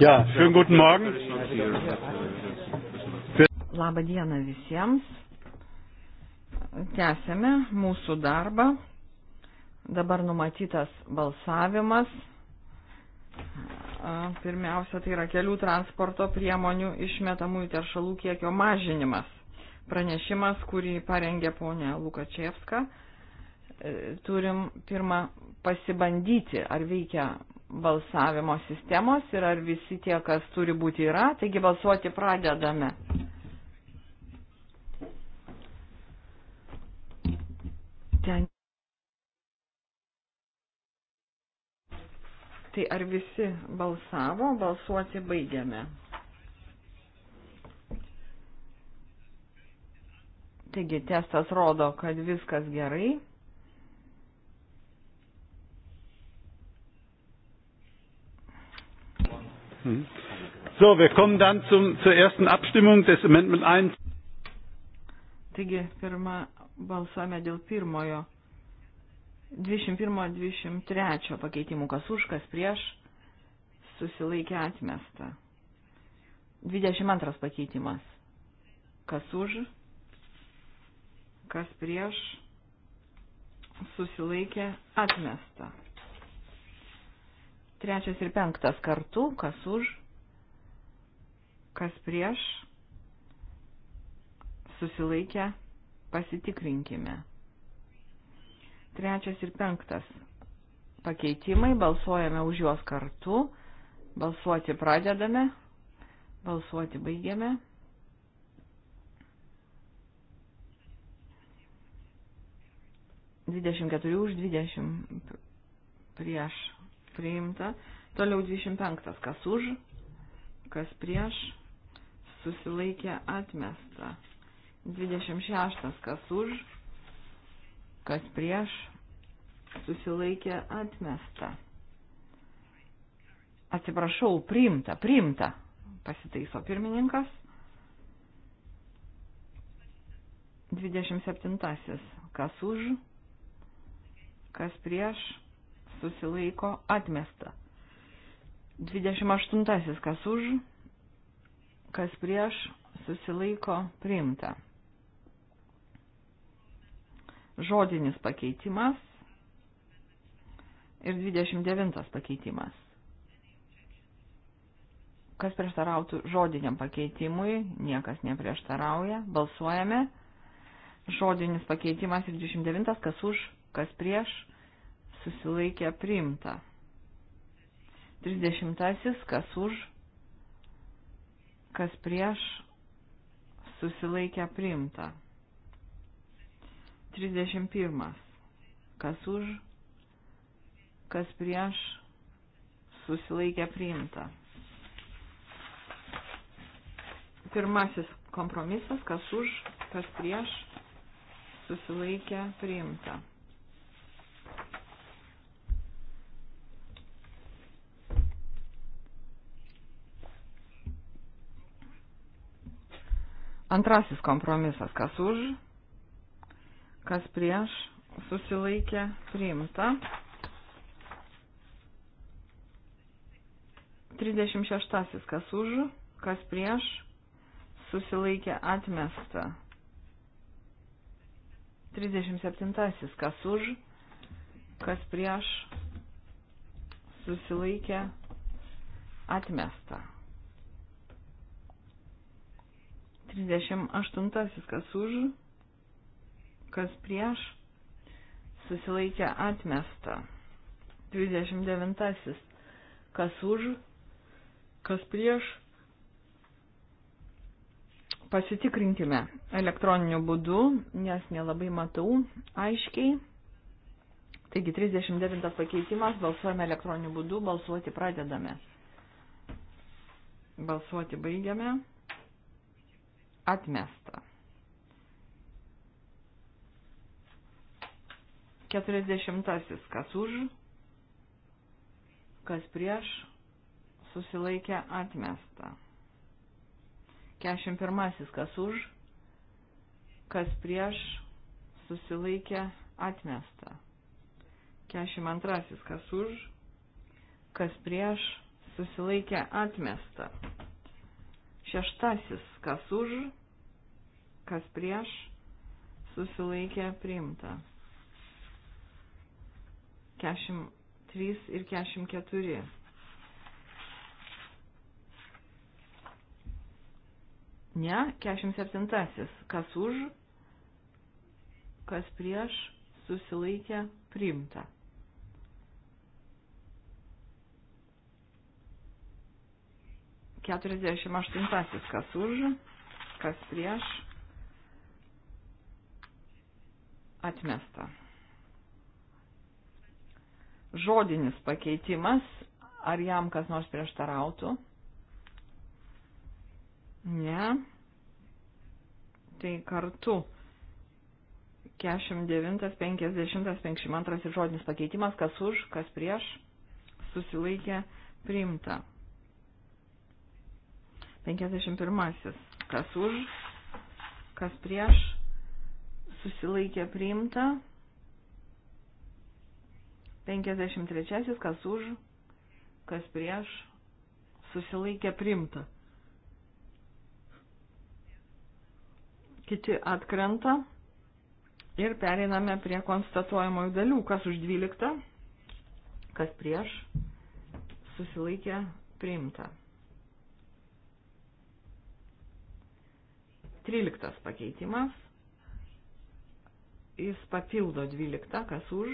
Ja, schönen guten Morgen. Labą dieną visiems. Tęsėme mūsų darbą. Dabar numatytas balsavimas. Pirmiausia, tai yra kelių transporto priemonių išmetamųjų teršalų kiekio mažinimas. Pranešimas, kurį parengė ponė Lukačievska. E, turim pirmą pasibandyti, ar veikia balsavimo sistemos ir ar visi tie, kas turi būti, yra. Taigi balsuoti pradedame. Ten. Tai ar visi balsavo, balsuoti baigiame. Taigi testas rodo, kad viskas gerai. Mhm. So, wir kommen dann zum, zur ersten Abstimmung des Amendment 1. Taigi, pirmą balsuojame dėl pirmojo 21-23 pakeitimų, kas už, kas prieš, susilaikė atmesta. 22 pakeitimas, kas už, kas prieš, susilaikė atmesta. Trečias ir penktas kartu, kas už, kas prieš, susilaikę, pasitikrinkime. Trečias ir penktas pakeitimai, balsuojame už juos kartu, balsuoti pradedame, balsuoti baigiame. Dvidešimt keturi už dvidešimt prieš priimta. Toliau 25. Kas už, kas prieš, susilaikė atmesta. 26. Kas už, kas prieš, susilaikė atmesta. Atsiprašau, priimta, priimta, pasitaiso pirmininkas. 27. Kas už, kas prieš, susilaiko atmesta. 28. Kas už, kas prieš, susilaiko priimta. Žodinis pakeitimas ir 29 pakeitimas. Kas prieštarautų žodiniam pakeitimui, niekas neprieštarauja, balsuojame. Žodinis pakeitimas ir 29, kas už, kas prieš, susilaikė priimta. 30. Kas už, kas prieš, susilaikė priimta. 31. Kas už, kas prieš, susilaikė priimta. Pirmasis kompromisas, kas už, kas prieš, susilaikė priimta. Antrasis kompromisas, kas už, kas prieš, susilaikė, priimta. 36. Kas už, kas prieš, susilaikė atmesta. 37. Kas už, kas prieš, susilaikė atmesta. 38. Kas už, kas prieš, susilaikė atmesta. 29. Kas už, kas prieš. Pasitikrinkime elektroniniu būdu, nes nelabai matau aiškiai. Taigi 39 pakeitimas, balsuojame elektroniniu būdu, balsuoti pradedame. Balsuoti baigiame. Atmesta. 40. Kas už, kas prieš, susilaikė atmesta. 41. Kas už, kas prieš, susilaikė atmesta. 42. Kas už, kas prieš, susilaikė atmesta. Šeštasis, kas už, kas prieš, susilaikė priimta. 43 ir 44. Ne, 47. Kas už, kas prieš, susilaikė priimta. 48 kas už, kas prieš, atmesta. Žodinis pakeitimas, ar jam kas nors prieštarautų? Ne. Tai kartu 49, 50, 52 žodinis pakeitimas, kas už, kas prieš, susilaikė priimta. 51. Kas už, kas prieš, susilaikė priimta. 53. Kas už, kas prieš, susilaikė priimta. Kiti atkrenta ir pereiname prie konstatuojamojų dalių. Kas už 12, kas prieš, susilaikė priimta. 13 pakeitimas. Jis papildo 12, kas už,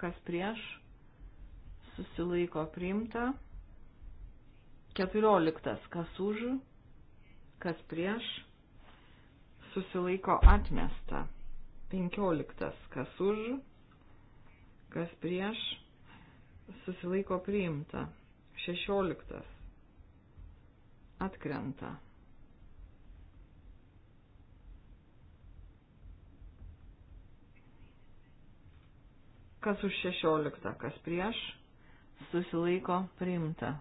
kas prieš, susilaiko priimta. 14, kas už, kas prieš, susilaiko atmesta. 15, kas už, kas prieš, susilaiko priimta. 16, atkrenta. Kas už 16, kas prieš, susilaiko priimta.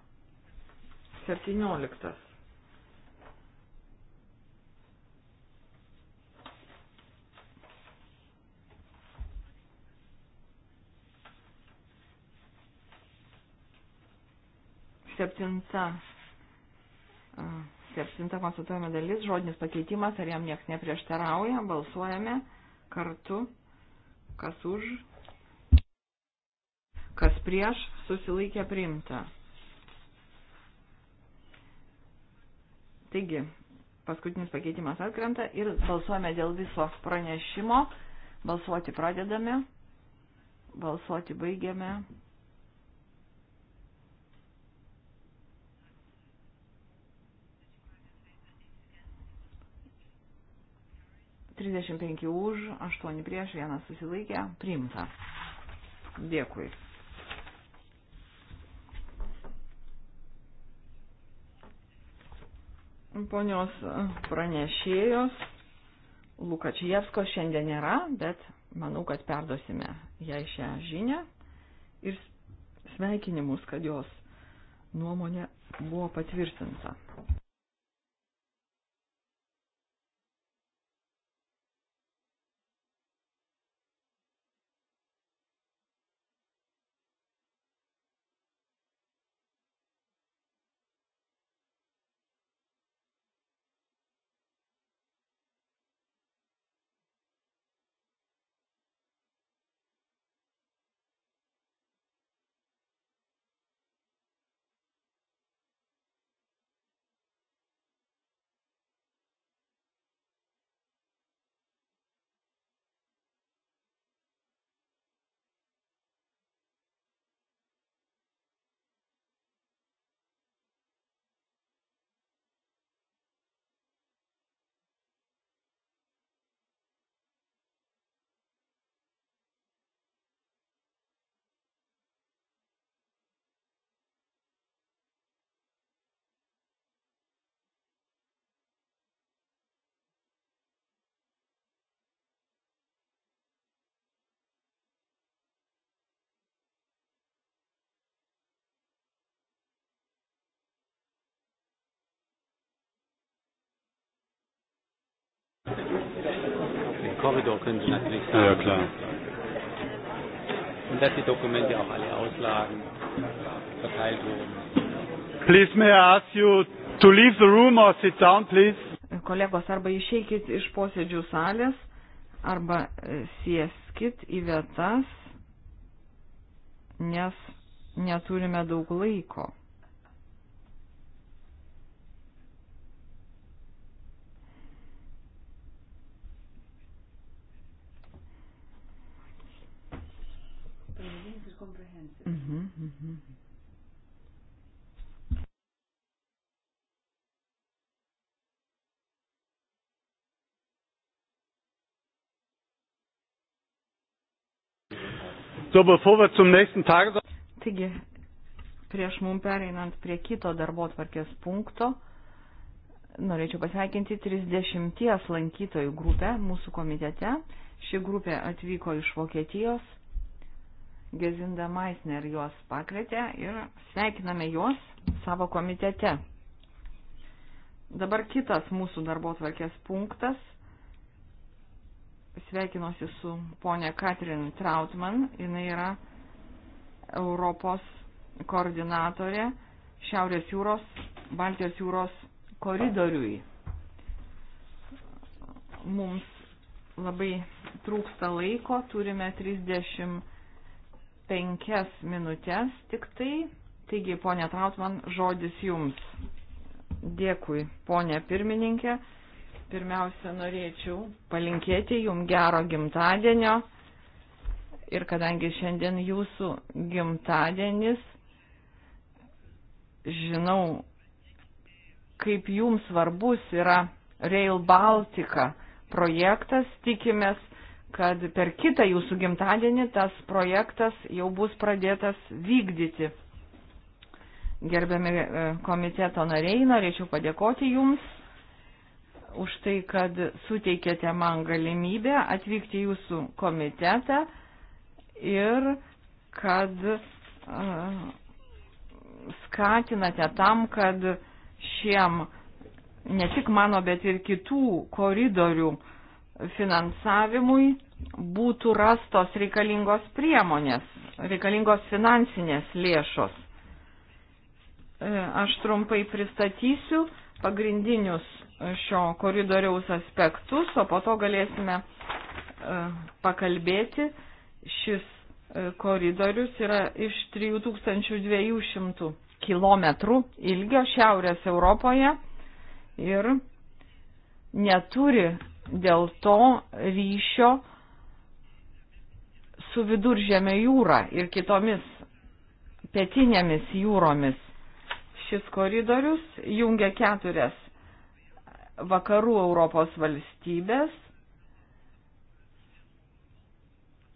17. Septinta. Septinta konstatuojame dalis, žodinis pakeitimas, ar jam niekas neprieštarauja, balsuojame kartu, kas už, kas prieš susilaikė priimta. Taigi, paskutinis pakeitimas atkrenta ir balsuojame dėl viso pranešimo. Balsuoti pradedame, balsuoti baigiame. Trisdešimt penki už, aštuoni prieš, vienas susilaikė, priimta. Dėkui. Ponios pranešėjos Lukačievsko šiandien nėra, bet manau, kad perdosime jai šią žinę ir sveikinimus, kad jos nuomonė buvo patvirtinta. Korridor können Sie natürlich sagen. Ja, klar. Und dass die Dokumente auch alle auslagen, verteilt wurden. Please may I ask you to leave the room or sit down, please? Kolegos, arba išeikit iš posėdžių salės, arba e, sieskit į vietas, nes neturime daug laiko. So, bevor wir zum nächsten Tagesordnungspunkt. Taigi, prieš mum pereinant prie kito darbo tvarkės punkto, norėčiau pasveikinti 30 lankytojų grupę mūsų komitete. Ši grupė atvyko iš Vokietijos. Gezinda Maisner juos pakvietė ir sveikiname juos savo komitete. Dabar kitas mūsų darbo tvarkės punktas sveikinuosi su ponė Katrin Trautman, jinai yra Europos koordinatorė Šiaurės jūros, Baltijos jūros koridoriui. Mums labai trūksta laiko, turime 35 minutės tik tai. Taigi, ponė Trautman, žodis jums. Dėkui, ponė pirmininkė. Pirmiausia, norėčiau palinkėti jum gero gimtadienio ir kadangi šiandien jūsų gimtadienis, žinau, kaip jums svarbus yra Rail Baltica projektas, tikimės, kad per kitą jūsų gimtadienį tas projektas jau bus pradėtas vykdyti. Gerbiami e, komiteto nariai, norėčiau padėkoti jums už tai, kad suteikėte man galimybę atvykti į jūsų komitetą ir kad uh, skatinate tam, kad šiem ne tik mano, bet ir kitų koridorių finansavimui būtų rastos reikalingos priemonės, reikalingos finansinės lėšos. E, aš trumpai pristatysiu pagrindinius šio koridoriaus aspektus, o po to galėsime e, pakalbėti. Šis e, koridorius yra iš 3200 km ilgio Šiaurės Europoje ir neturi dėl to ryšio su viduržėme jūra ir kitomis pietinėmis jūromis. Šis koridorius jungia keturias vakarų Europos valstybės,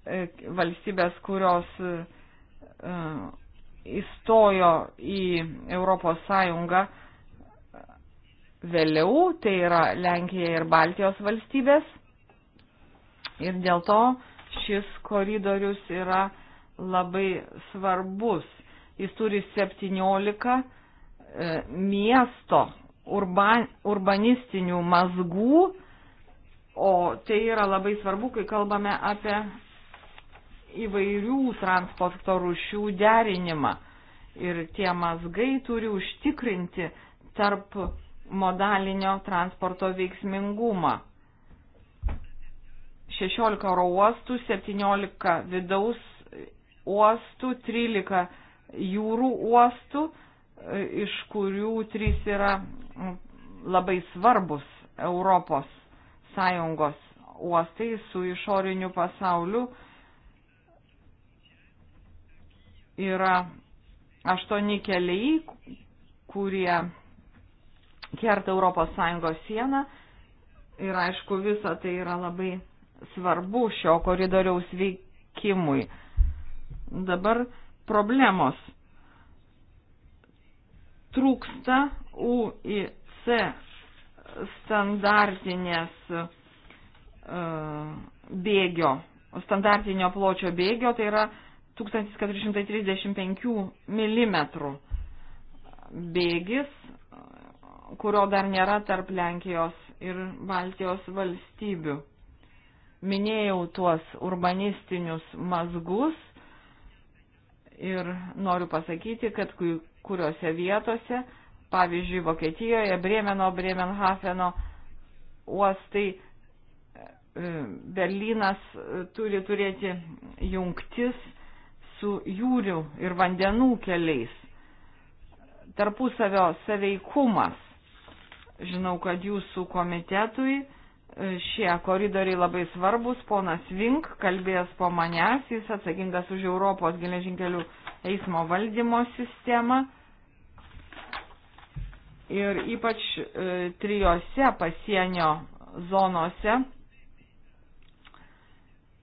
e, valstybės, kurios e, įstojo į Europos Sąjungą e, vėliau, tai yra Lenkija ir Baltijos valstybės. Ir dėl to šis koridorius yra labai svarbus. Jis turi 17 miesto urban, urbanistinių mazgų, o tai yra labai svarbu, kai kalbame apie įvairių transporto rušių derinimą. Ir tie mazgai turi užtikrinti tarp modalinio transporto veiksmingumą. 16 oro uostų, 17 vidaus uostų, 13 jūrų uostų iš kurių trys yra labai svarbus Europos Sąjungos uostai su išoriniu pasauliu yra aštuoni keliai, kurie kerta Europos Sąjungos sieną ir aišku visa tai yra labai svarbu šio koridoriaus veikimui. Dabar problemos trūksta UIC standartinės e, bėgio, standartinio pločio bėgio, tai yra 1435 mm bėgis, kurio dar nėra tarp Lenkijos ir Baltijos valstybių. Minėjau tuos urbanistinius mazgus ir noriu pasakyti, kad kuriuose vietose, pavyzdžiui, Vokietijoje, Bremeno, Bremenhafeno uostai, e, Berlynas e, turi turėti jungtis su jūrių ir vandenų keliais. Tarpusavio saveikumas. Žinau, kad jūsų komitetui e, šie koridoriai labai svarbus. Ponas Vink kalbės po manęs, jis atsakingas už Europos geležinkelių eismo valdymo sistemą ir ypač e, trijose pasienio zonose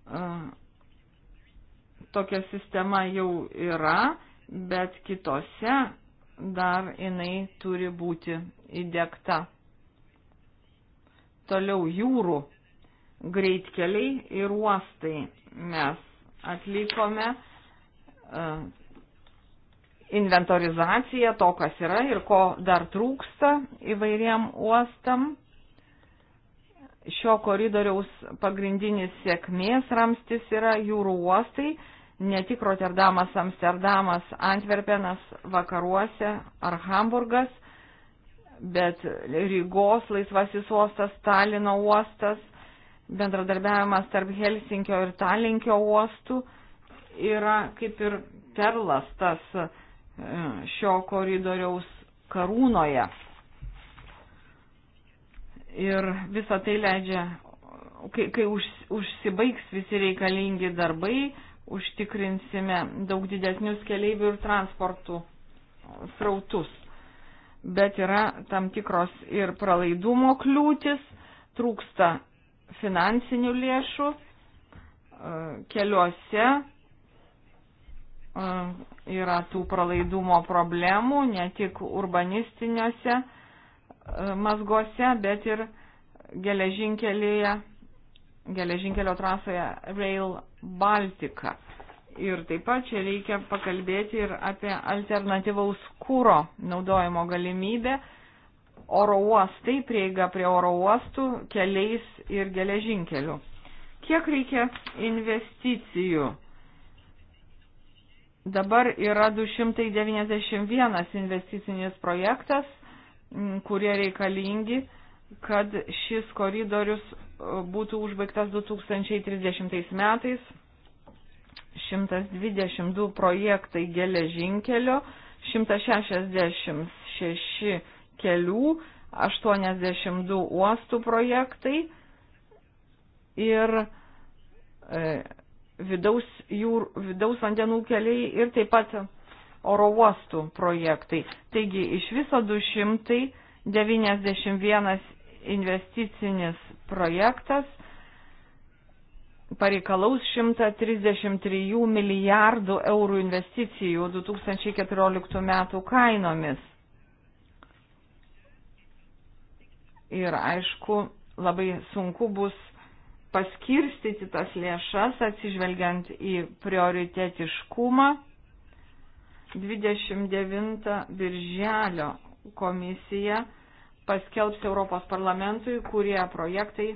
e, tokia sistema jau yra, bet kitose dar jinai turi būti įdėkta. Toliau jūrų greitkeliai ir uostai mes atlikome e, inventorizacija to, kas yra ir ko dar trūksta įvairiem uostam. Šio koridoriaus pagrindinis sėkmės ramstis yra jūrų uostai, ne tik Rotterdamas, Amsterdamas, Antverpenas, vakaruose ar Hamburgas, bet Rygos laisvasis uostas, Talino uostas, bendradarbiavimas tarp Helsinkio ir Talinkio uostų yra kaip ir perlas tas šio koridoriaus karūnoje. Ir visą tai leidžia, kai, kai už, užsibaigs visi reikalingi darbai, užtikrinsime daug didesnius keleivių ir transportų srautus. Bet yra tam tikros ir pralaidumo kliūtis, trūksta finansinių lėšų e, keliuose yra tų pralaidumo problemų, ne tik urbanistiniuose mazgose, bet ir geležinkelėje, geležinkelio trasoje Rail Baltica. Ir taip pat čia reikia pakalbėti ir apie alternatyvaus kūro naudojimo galimybę, oro uostai, prieiga prie oro uostų, keliais ir geležinkeliu. Kiek reikia investicijų? Dabar yra 291 investicinis projektas, kurie reikalingi, kad šis koridorius e, būtų užbaigtas 2030 metais. 122 projektai geležinkelio, 166 kelių, 82 uostų projektai ir e, vidaus, jūr, vidaus vandenų keliai ir taip pat oro uostų projektai. Taigi iš viso 291 investicinis projektas pareikalaus 133 milijardų eurų investicijų 2014 metų kainomis. Ir aišku, labai sunku bus paskirstyti tas lėšas atsižvelgiant į prioritetiškumą. 29 birželio komisija paskelbs Europos parlamentui, kurie projektai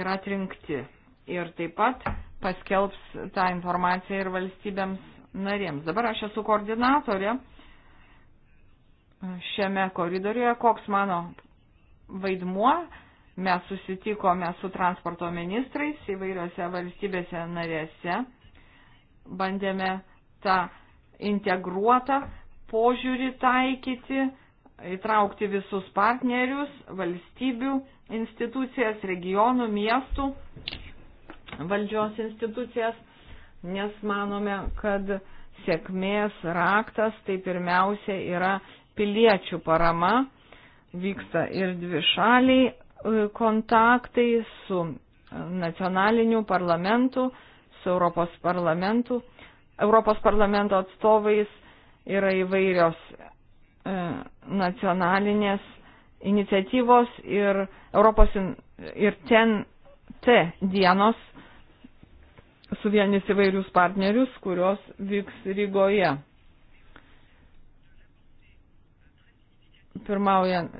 yra atrinkti. Ir taip pat paskelbs tą informaciją ir valstybėms narėms. Dabar aš esu koordinatorė šiame koridoriuje, koks mano vaidmuo Mes susitikome su transporto ministrais įvairiose valstybėse narėse, bandėme tą integruotą požiūrį taikyti, įtraukti visus partnerius, valstybių institucijas, regionų, miestų valdžios institucijas, nes manome, kad sėkmės raktas tai pirmiausia yra piliečių parama, vyksta ir dvi šaliai E, kontaktai su nacionaliniu parlamentu, su Europos parlamentu. Europos parlamento atstovais yra įvairios e, nacionalinės iniciatyvos ir Europos ir ten T dienos suvienys įvairius partnerius, kurios vyks Rygoje. Pirmaujant,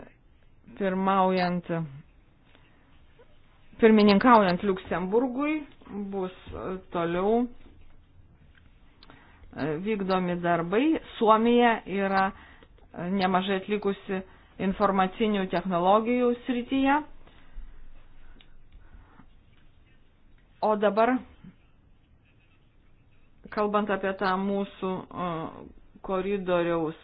pirmaujant Pirmininkaujant Luksemburgui bus e, toliau e, vykdomi darbai. Suomija yra e, nemažai atlikusi informacinių technologijų srityje. O dabar, kalbant apie tą mūsų koridoriaus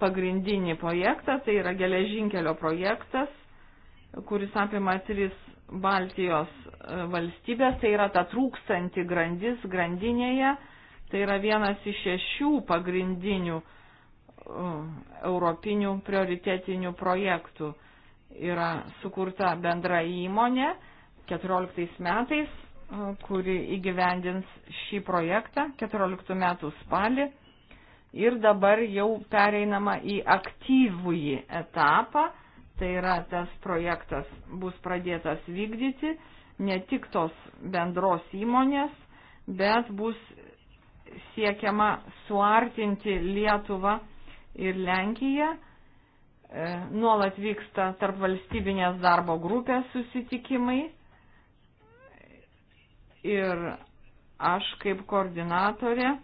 pagrindinį projektą, tai yra geležinkelio projektas, kuris apima tris Baltijos e, valstybės, tai yra ta trūkstanti grandis grandinėje, tai yra vienas iš šešių pagrindinių e, europinių prioritetinių projektų. Yra sukurta bendra įmonė 14 metais, e, kuri įgyvendins šį projektą 14 metų spalį. Ir dabar jau pereinama į aktyvųjį etapą, Tai yra tas projektas bus pradėtas vykdyti ne tik tos bendros įmonės, bet bus siekiama suartinti Lietuvą ir Lenkiją. E, nuolat vyksta tarp valstybinės darbo grupės susitikimai. Ir aš kaip koordinatorė e,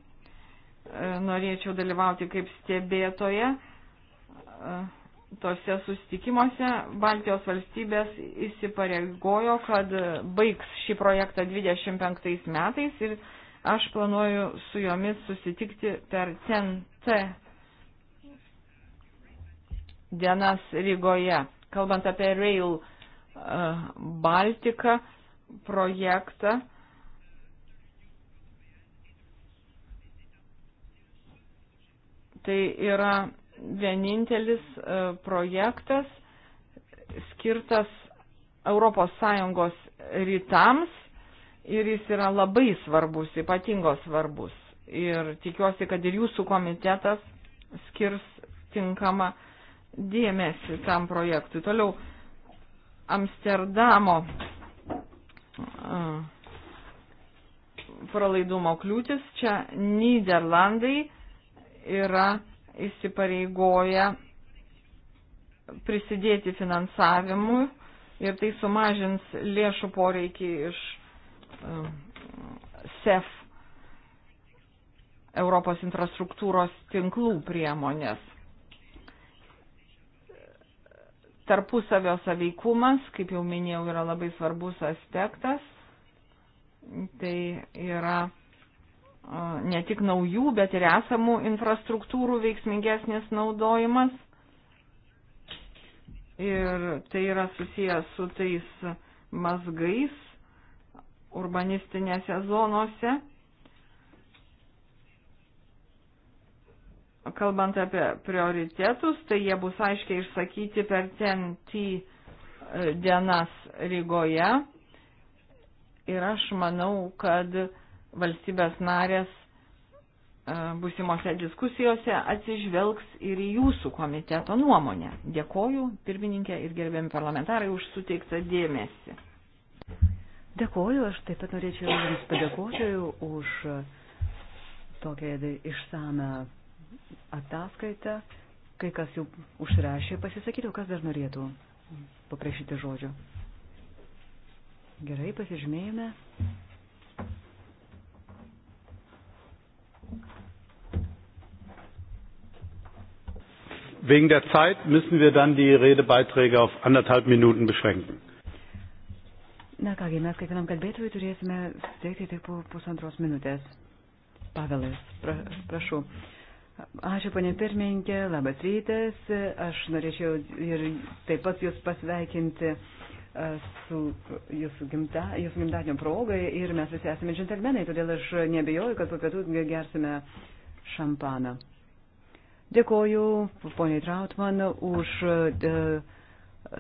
norėčiau dalyvauti kaip stebėtoje tose sustikimuose Baltijos valstybės įsipareigojo, kad baigs šį projektą 25 metais ir aš planuoju su jomis susitikti per CNT dienas Rygoje. Kalbant apie Rail e, Baltica projektą, tai yra vienintelis e, projektas skirtas ES rytams ir jis yra labai svarbus, ypatingos svarbus. Ir tikiuosi, kad ir jūsų komitetas skirs tinkamą dėmesį tam projektui. Toliau Amsterdamo e, pralaidumo kliūtis. Čia Niderlandai yra įsipareigoja prisidėti finansavimui ir tai sumažins lėšų poreikį iš um, SEF Europos infrastruktūros tinklų priemonės. Tarpusavio saveikumas, kaip jau minėjau, yra labai svarbus aspektas. Tai yra ne tik naujų, bet ir esamų infrastruktūrų veiksmingesnis naudojimas. Ir tai yra susijęs su tais mazgais urbanistinėse zonose. Kalbant apie prioritetus, tai jie bus aiškiai išsakyti per TNT e, dienas Rygoje. Ir aš manau, kad valstybės narės e, busimose diskusijose atsižvelgs ir į jūsų komiteto nuomonę. Dėkoju pirmininkė ir gerbiami parlamentarai už suteiktą dėmesį. Dėkoju, aš taip pat norėčiau Jums padėkoti už tokią išsame ataskaitą. Kai kas jau užrašė, pasisakyti, o kas dar norėtų paprašyti žodžio. Gerai, pasižymėjome. Wegen der Zeit müssen wir dann die Redebeiträge auf anderthalb Minuten beschränken. Na kągi, mes kiekvienam kalbėtojui turėsime suteikti tik po pusantros minutės. Pavelas, pra, prašau. Ačiū, ponė pirmininkė, labas rytas. Aš norėčiau ir taip pat jūs pasveikinti su jūsų, gimta, jūsų gimtadienio progai ir mes visi esame džentelmenai, todėl aš nebejoju, kad po pietų gersime šampaną. Dėkoju poniai Trautman už e,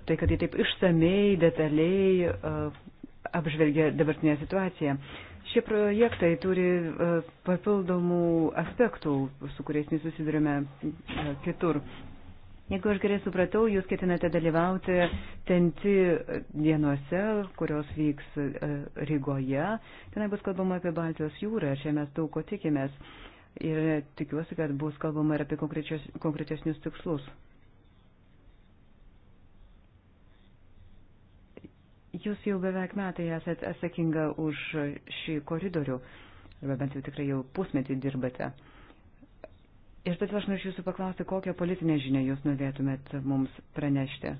tai, kad jie taip išsamei, detaliai e, apžvelgia dabartinę situaciją. Šie projektai turi e, papildomų aspektų, su kuriais nesusidurime kitur. Jeigu aš gerai supratau, jūs ketinate dalyvauti tenti dienose, kurios vyks Rygoje. Tenai bus kalbama apie Baltijos jūrą, čia mes daug ko tikimės ir tikiuosi, kad bus kalbama ir apie konkretesnius tikslus. Jūs jau beveik metai esate atsakinga už šį koridorių, arba bent jau tikrai jau pusmetį dirbate. Ir todėl aš noriu jūsų paklausti, kokią politinę žinią jūs norėtumėt mums pranešti.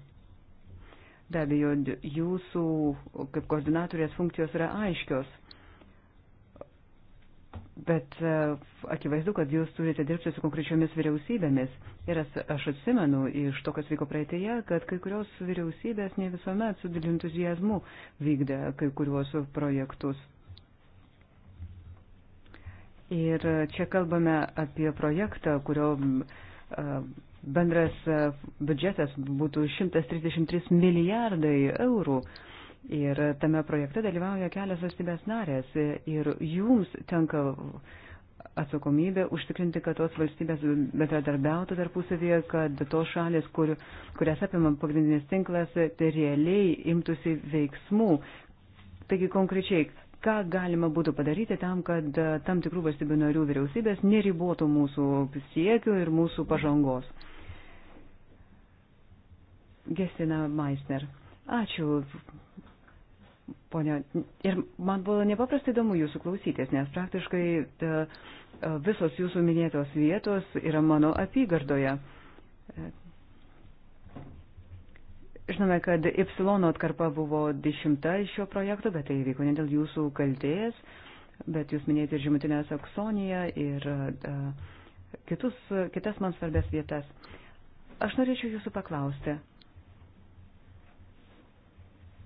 Be abejo, jūsų kaip koordinatorės funkcijos yra aiškios. Bet e, akivaizdu, kad jūs turite dirbti su konkrečiomis vyriausybėmis. Ir aš atsimenu iš to, kas vyko praeitėje, kad kai kurios vyriausybės ne visuomet su dideliu entuzijazmu vykdė kai kuriuos projektus. Ir čia kalbame apie projektą, kurio e, bendras e, biudžetas būtų 133 milijardai eurų. Ir tame projekte dalyvauja kelias valstybės narės ir jums tenka atsakomybė užtikrinti, kad tos valstybės bendradarbiautų tarpusavėje, kad tos šalis, kur, kurias apima pagrindinis tinklas, tai realiai imtųsi veiksmų. Taigi konkrečiai, ką galima būtų padaryti tam, kad tam tikrų valstybių narių vyriausybės neribotų mūsų siekių ir mūsų pažangos. Gestina Meisner. Ačiū, Pone, ir man buvo nepaprastai įdomu jūsų klausytis, nes praktiškai ta, e, e, visos jūsų minėtos vietos yra mano apygardoje. E, žinome, kad Ypsilono atkarpa buvo dešimta iš šio projekto, bet tai įvyko ne dėl jūsų kaltės, bet jūs minėjote ir Žemutinę Saksoniją ir uh, kitus, kitas man svarbės vietas. Aš norėčiau jūsų paklausti,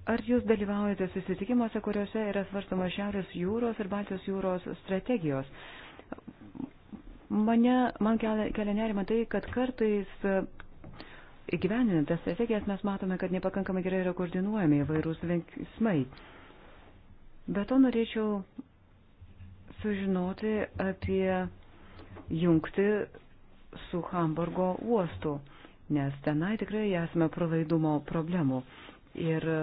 Ar jūs dalyvaujate susitikimuose, kuriuose yra svarstama Šiaurės jūros ir Baltijos jūros strategijos? Mane, man kelia, kelia nerima tai, kad kartais įgyveninant tas strategijas mes matome, kad nepakankamai gerai yra koordinuojami įvairūs veiksmai. Be to norėčiau sužinoti apie jungti su Hamburgo uostu, nes tenai tikrai esame pralaidumo problemų. Ir e,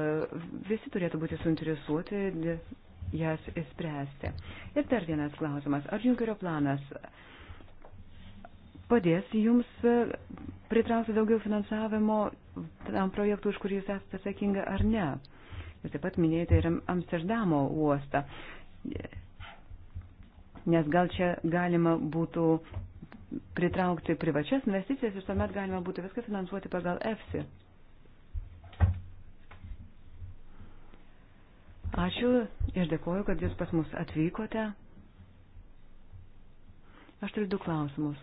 visi turėtų būti suinteresuoti jas įspręsti. Ir dar vienas klausimas. Ar Junkerio planas padės jums e, pritraukti daugiau finansavimo tam projektui, už kurį jūs esate atsakinga, ar ne? Jūs taip pat minėjote ir Amsterdamo uostą. Nes gal čia galima būtų pritraukti privačias investicijas ir tuomet galima būtų viską finansuoti pagal EFSI. Ačiū ir dėkoju, kad Jūs pas mus atvykote. Aš turiu du klausimus.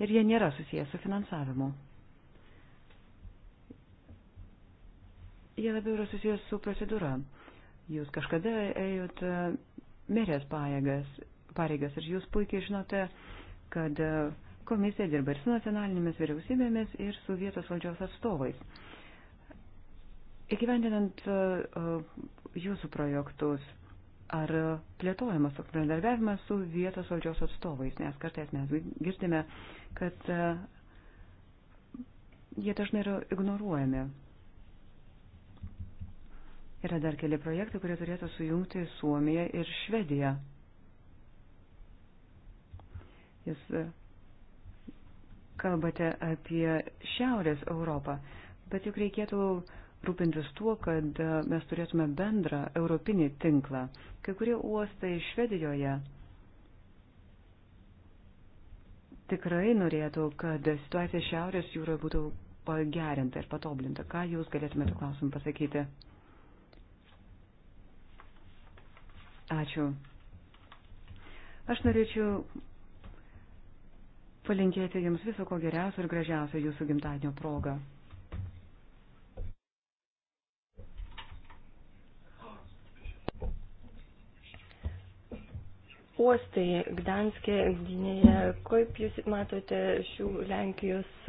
Ir jie nėra susijęs su finansavimu. Jie labiau yra susijęs su procedūra. Jūs kažkada ėjot e, merės paėgas, pareigas ir jūs puikiai žinote, kad e, komisija dirba ir su nacionalinėmis vyriausybėmis, ir su vietos valdžios atstovais. Įgyvendinant e, jūsų projektus? Ar plėtojamas toks bendradarbiavimas su vietos valdžios atstovais? Nes kartais mes girdime, kad e, jie dažnai yra ignoruojami. Yra dar keli projektai, kurie turėtų sujungti Suomiją ir Švediją. Jūs e, kalbate apie Šiaurės Europą, bet juk reikėtų uh, rūpintis tuo, kad e, mes turėtume bendrą europinį tinklą. Kai kurie uostai Švedijoje tikrai norėtų, kad situacija Šiaurės jūroje būtų pagerinta ir patoblinta. Ką Jūs galėtumėte klausimą pasakyti? Ačiū. Aš norėčiau palinkėti Jums viso ko geriausio ir gražiausio Jūsų gimtadienio progą. uostai Gdanskė, Gdynėje. Kaip Jūs matote šių Lenkijos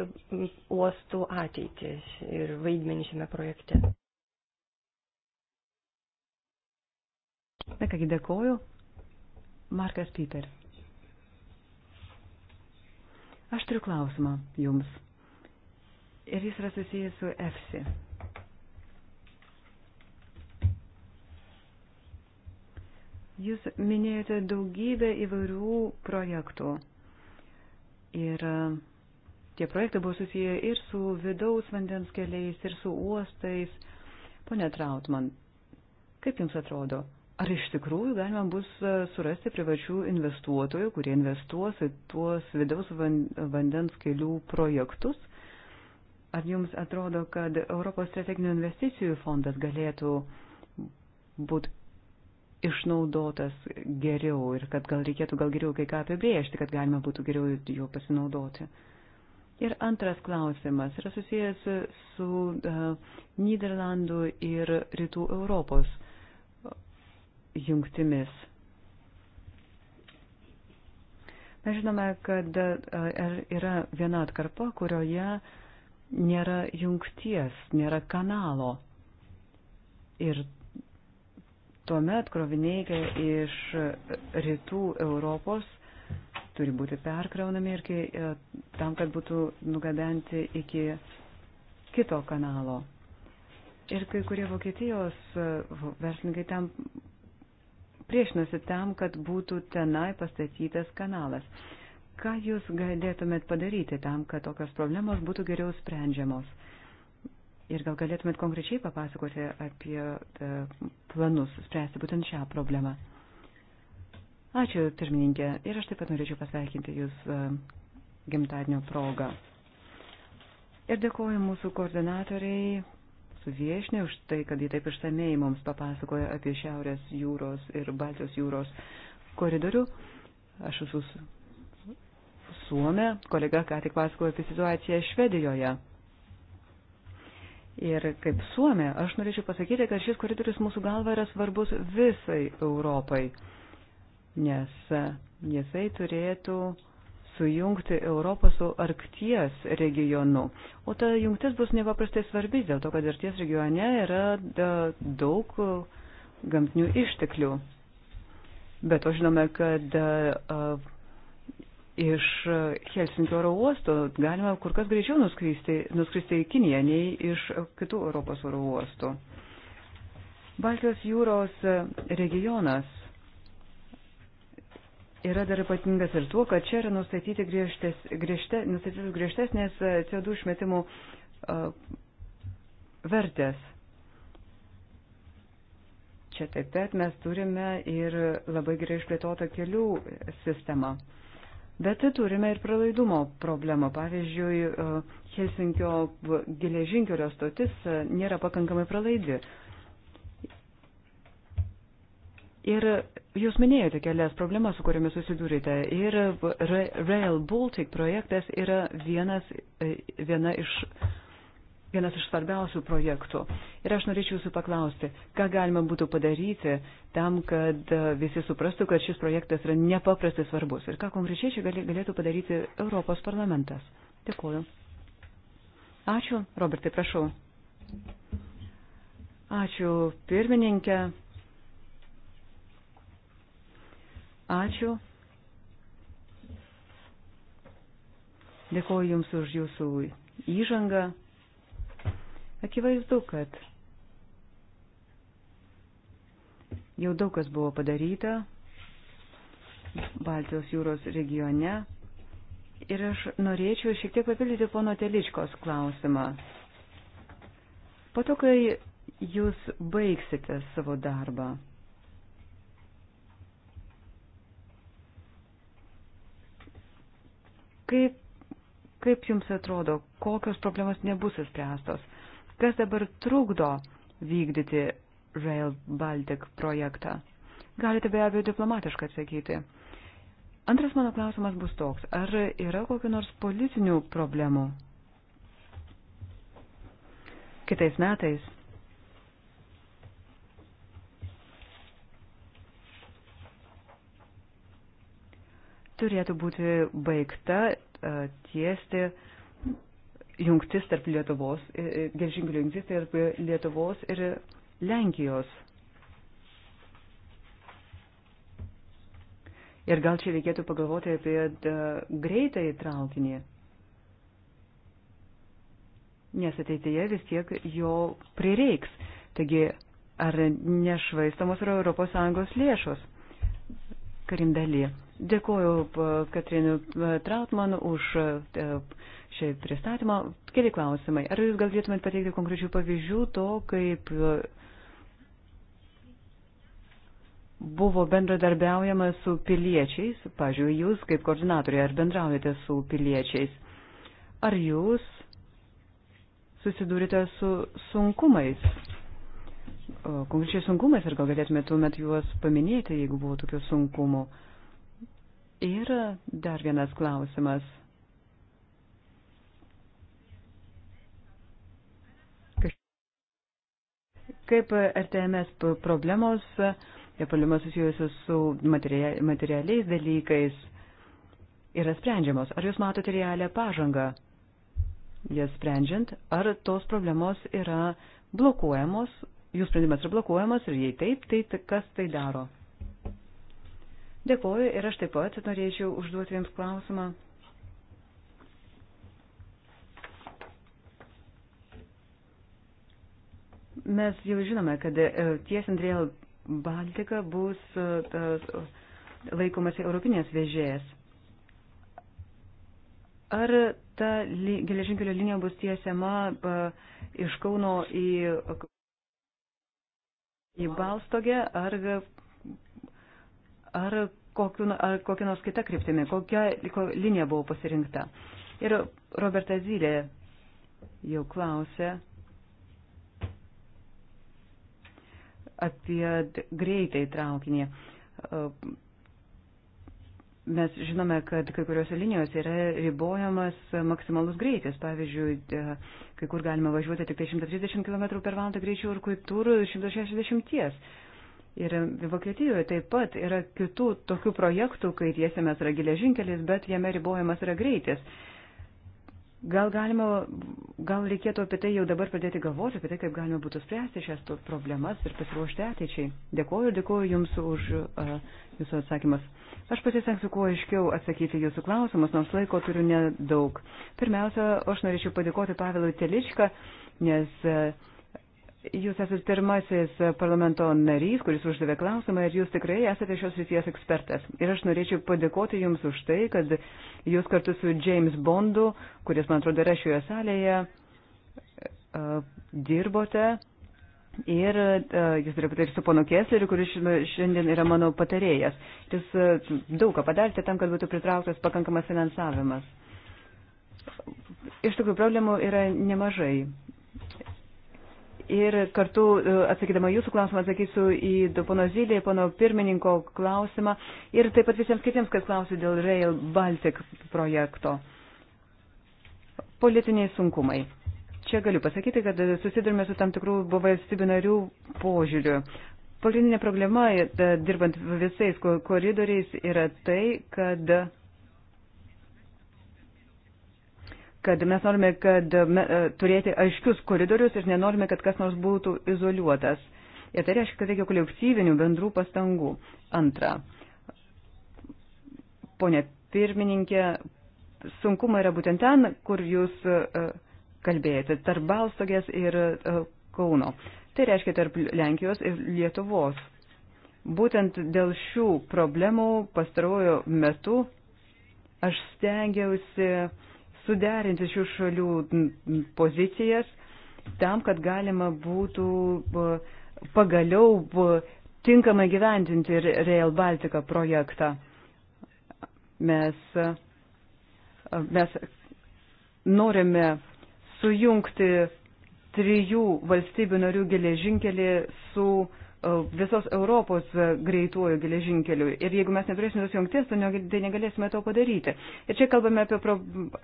uostų ateitį ir vaidmenį šiame projekte? Na kągi, dėkoju. Markas Piper. Aš turiu klausimą Jums. Ir jis yra susijęs su EFSI. Jūs minėjote daugybę įvairių projektų. Ir e, tie projektai buvo susiję ir su vidaus vandens keliais, ir su uostais. Pone Trautman, kaip Jums atrodo, ar iš tikrųjų galima bus e, surasti privačių investuotojų, kurie investuos į tuos vidaus vandens kelių projektus? Ar jums atrodo, kad Europos strateginių investicijų fondas galėtų būti išnaudotas geriau ir kad gal reikėtų gal geriau kai ką apibrėžti, kad galima būtų geriau juo pasinaudoti. Ir antras klausimas yra susijęs su uh, Niderlandų ir Rytų Europos jungtimis. Mes žinome, kad uh, yra viena atkarpa, kurioje nėra jungties, nėra kanalo. Ir Tuomet kroviniai iš rytų Europos turi būti perkraunami ir kai, e, tam, kad būtų nugabenti iki kito kanalo. Ir kai kurie Vokietijos e, verslininkai tam priešinasi tam, kad būtų tenai pastatytas kanalas. Ką jūs galėtumėt padaryti tam, kad tokios problemos būtų geriau sprendžiamos? Ir gal galėtumėt konkrečiai papasakoti apie e, planus spręsti būtent šią problemą. Ačiū, pirmininkė. Ir aš taip pat norėčiau pasveikinti Jūs e, gimtadienio progą. Ir dėkoju mūsų koordinatoriai su viešne už tai, kad jie taip išsamei mums papasakoja apie Šiaurės jūros ir Baltijos jūros koridorių. Aš esu Suomė, kolega ką tik pasakojo apie situaciją Švedijoje. Ir kaip Suomė, aš norėčiau pasakyti, kad šis koridorius mūsų galva yra svarbus visai Europai, nes jisai turėtų sujungti Europą su Arkties regionu. O ta jungtis bus nepaprastai svarbi, dėl to, kad Arkties regione yra daug gamtinių išteklių. Bet to žinome, kad iš Helsinkio oro uosto galima kur kas greičiau nuskristi, nuskristi į Kiniją nei iš kitų Europos oro uostų. Baltijos jūros regionas yra dar ypatingas ir tuo, kad čia yra nustatyti griežtes, griežte, nustatytas griežtesnės CO2 išmetimų uh, vertės. Čia taip pat mes turime ir labai gerai išplėtotą kelių sistemą. Uh, Bet tai turime ir pralaidumo problemą. Pavyzdžiui, e, Helsinkio geležinkelio stotis e, nėra pakankamai pralaidi. Ir jūs minėjote kelias problemas, su kuriomis susidūrite. Ir Rail Baltic projektas yra vienas, e, viena iš vienas iš svarbiausių projektų. Ir aš norėčiau jūsų paklausti, ką galima būtų padaryti tam, kad e, visi suprastų, kad šis projektas yra nepaprastai svarbus ir ką konkrečiai čia galėtų padaryti Europos parlamentas. Dėkuoju. Ačiū. Robertai, prašau. Ačiū, pirmininkė. Ačiū. Dėkuoju Jums už Jūsų įžangą. Akivaizdu, kad jau daug kas buvo padaryta Baltijos jūros regione ir aš norėčiau šiek tiek papildyti pono Teličkos klausimą. Po to, kai jūs baigsite savo darbą, kaip, kaip jums atrodo, kokios problemos nebus įspręstos? Kas dabar trukdo vykdyti Rail Baltic projektą? Galite be abejo diplomatiškai atsakyti. Antras mano klausimas bus toks. Ar yra kokiu nors politinių problemų? Kitais metais turėtų būti baigta tiesti uh, jungtis tarp Lietuvos, e, e, gelžinkelių jungtis tarp Lietuvos ir Lenkijos. Ir gal čia reikėtų pagalvoti apie e, greitą įtraukinį, nes ateityje vis tiek jo prireiks. Taigi, ar nešvaistamos yra ES lėšos? Karimdalį. Dėkuoju Katrinu Trautmanu už. Uh, čia pristatymą. Keli klausimai. Ar jūs galėtumėte pateikti konkrečių pavyzdžių to, kaip e, buvo bendradarbiaujama su piliečiais? Pavyzdžiui, jūs kaip koordinatoriai, ar bendraujate su piliečiais? Ar jūs susidūrite su sunkumais? Konkrečiai sunkumais, ar gal galėtumėte tuomet juos paminėti, jeigu buvo tokių sunkumų? Ir dar vienas klausimas. kaip RTMS problemos ir problemos susijusios su materialiais dalykais yra sprendžiamos. Ar jūs matote realią pažangą jas sprendžiant, ar tos problemos yra blokuojamos, jų sprendimas yra blokuojamas ir jei taip, tai kas tai daro? Dėkuoju ir aš taip pat norėčiau užduoti Jums klausimą. Mes jau žinome, kad e, tiesiant Rail Baltica bus e, laikomasi Europinės vežėjas. Ar ta geležinkelio linija bus tiesiama e, iš Kauno į, į Balstogę, ar, ar, kokiu, ar kokia nors kita kryptimi, kokia linija buvo pasirinkta? Ir Robertas Zylė jau klausė apie greitai traukinį. E, mes žinome, kad kai kuriuose linijose yra ribojamas maksimalus greitis. Pavyzdžiui, kai kur galima važiuoti tik tai 130 km per valandą greičiu ir kai kur 160. Ir Vokietijoje taip pat yra kitų tokių projektų, kai tiesiamės yra geležinkelis, bet jame ribojamas yra greitis. Gal, galima, gal reikėtų apie tai jau dabar pradėti galvoti, apie tai, kaip galima būtų spręsti šias problemas ir pasiruošti ateičiai. Dėkuoju, dėkuoju Jums už uh, Jūsų atsakymas. Aš pasisengsiu kuo aiškiau atsakyti Jūsų klausimus, nors laiko turiu nedaug. Pirmiausia, aš norėčiau padėkoti Pavelui Telišką, nes uh, Jūs esate pirmasis parlamento narys, kuris uždavė klausimą ir jūs tikrai esate šios ryties ekspertas. Ir aš norėčiau padėkoti Jums už tai, kad Jūs kartu su James Bondu, kuris man atrodo yra šioje salėje, dirbote. Ir uh, jūs dirbate ir su pono Kesleriu, kuris šiandien yra mano patarėjas. Jūs uh, daug ką padarėte tam, kad būtų pritrauktas pakankamas finansavimas. Iš tikrųjų, problemų yra nemažai. Ir kartu, e, atsakydama jūsų klausimą, atsakysiu į pono Zylį, pono pirmininko klausimą ir taip pat visiems kitiems, kas klausė dėl Rail Baltic projekto. Politiniai sunkumai. Čia galiu pasakyti, kad susidurime su tam tikrų valstybių narių požiūriu. Pagrindinė problema, e, dirbant visais koridoriais, yra tai, kad kad mes norime kad, me, e, turėti aiškius koridorius ir nenorime, kad kas nors būtų izoliuotas. Ir tai reiškia, kad reikia kolektyvinių bendrų pastangų. Antra, ponė pirmininkė, sunkumai yra būtent ten, kur jūs e, kalbėjote, tarp Balstogės ir e, Kauno. Tai reiškia tarp Lenkijos ir Lietuvos. Būtent dėl šių problemų pastaruoju metu aš stengiausi uh, suderinti šių šalių pozicijas tam, kad galima būtų pagaliau tinkamai gyventinti ir Rail Baltica projektą. Mes, mes norime sujungti trijų valstybių narių geležinkelį su uh, visos Europos greituoju geležinkeliu. Ir jeigu mes neturėsime tos jungties, tai, tai negalėsime to padaryti. Ir čia kalbame apie,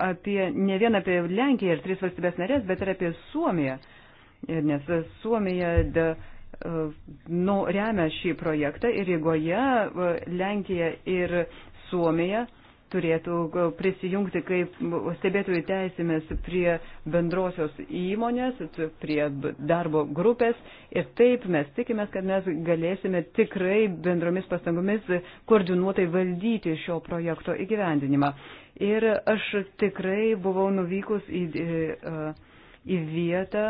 apie ne vien apie Lenkiją ir tris valstybės narės, bet ir apie Suomiją. Nes Suomija de, nu, remia šį projektą ir Rygoje Lenkija ir Suomija turėtų e, prisijungti kaip stebėtojų teisėmis prie bendrosios įmonės, prie darbo grupės ir taip mes tikimės, kad mes galėsime tikrai bendromis pastangomis koordinuotai valdyti šio projekto įgyvendinimą. Ir aš tikrai buvau nuvykus į, į e, vietą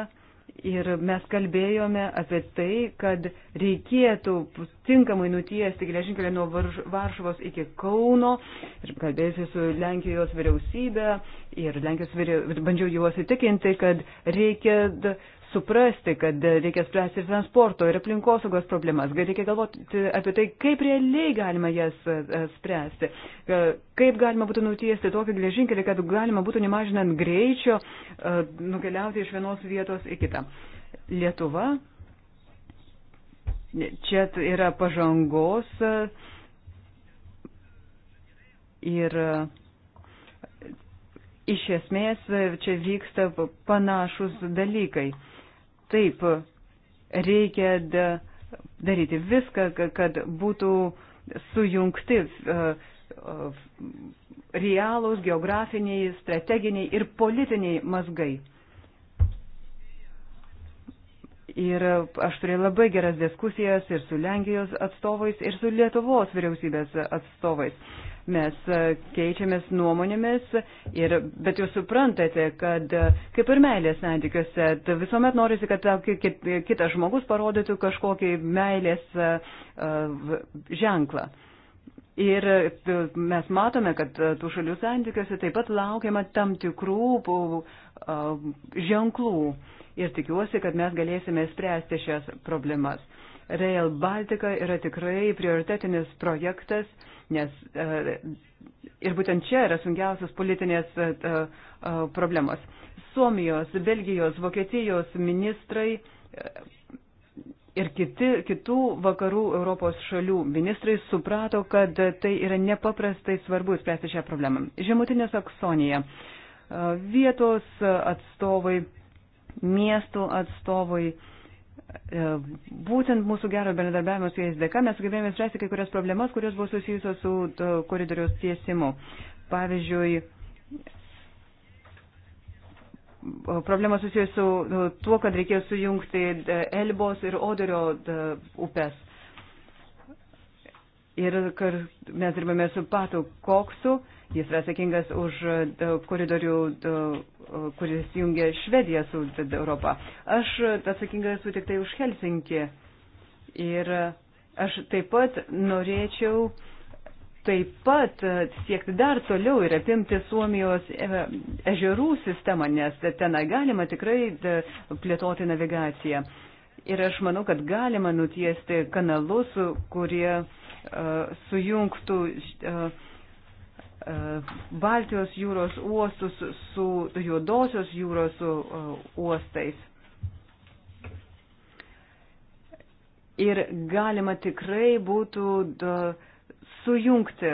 Ir mes kalbėjome apie tai, kad reikėtų tinkamai nutiesti geležinkelį nuo Varšuvos iki Kauno. Ir kalbėjusi su Lenkijos vyriausybė ir Lenkijos vyriausybė, bandžiau juos įtikinti, kad reikia suprasti, kad reikia spręsti ir transporto, ir aplinkosaugos problemas, kad reikia galvoti apie tai, kaip realiai galima jas e, e, spręsti, kaip galima būtų nutiesti tokį geležinkelį, kad galima būtų nemažinant greičio e, nukeliauti iš vienos vietos į kitą. Lietuva čia yra pažangos ir iš esmės čia vyksta panašus dalykai. Taip, reikia daryti viską, kad būtų sujungti realūs geografiniai, strateginiai ir politiniai mazgai. Ir aš turėjau labai geras diskusijas ir su Lenkijos atstovais, ir su Lietuvos vyriausybės atstovais mes e, keičiamės nuomonėmis, ir, bet jūs suprantate, kad e, kaip ir meilės santykiuose, visuomet norisi, kad kitas žmogus parodytų kažkokį meilės e, ženklą. Ir mes matome, kad tų šalių santykiuose taip pat laukiama tam tikrų ženklų. Ir tikiuosi, kad mes galėsime spręsti šias problemas. Rail Baltica yra tikrai prioritetinis projektas nes e, ir būtent čia yra sunkiausios politinės e, e, problemos. Suomijos, Belgijos, Vokietijos ministrai ir kiti, kitų vakarų Europos šalių ministrai suprato, kad tai yra nepaprastai svarbu spręsti šią problemą. Žemutinė Saksonija. Vietos atstovai, miestų atstovai E, būtent mūsų gero bendradarbiavimo su jais dėka mes sugebėjome spręsti kai kurias problemas, kurios buvo susijusios su e, koridoriaus tiesimu. Pavyzdžiui, e, problema susijusi su tuo, kad reikėjo sujungti Elbos ir Oderio upes. Ir mes dirbame su Patu Koksu Jis yra atsakingas už e, koridorių, e, e, kuris jungia Švediją su Europą. Aš atsakingas esu tik tai už Helsinkį. Ir aš taip pat norėčiau taip pat siekti dar toliau ir apimti Suomijos ežerų sistemą, nes ten galima tikrai plėtoti navigaciją. Ir aš manau, kad galima nutiesti kanalus, kurie uh, sujungtų uh, E, Baltijos jūros uostus su Juodosios jūros e, uostais. Ir galima tikrai būtų e, sujungti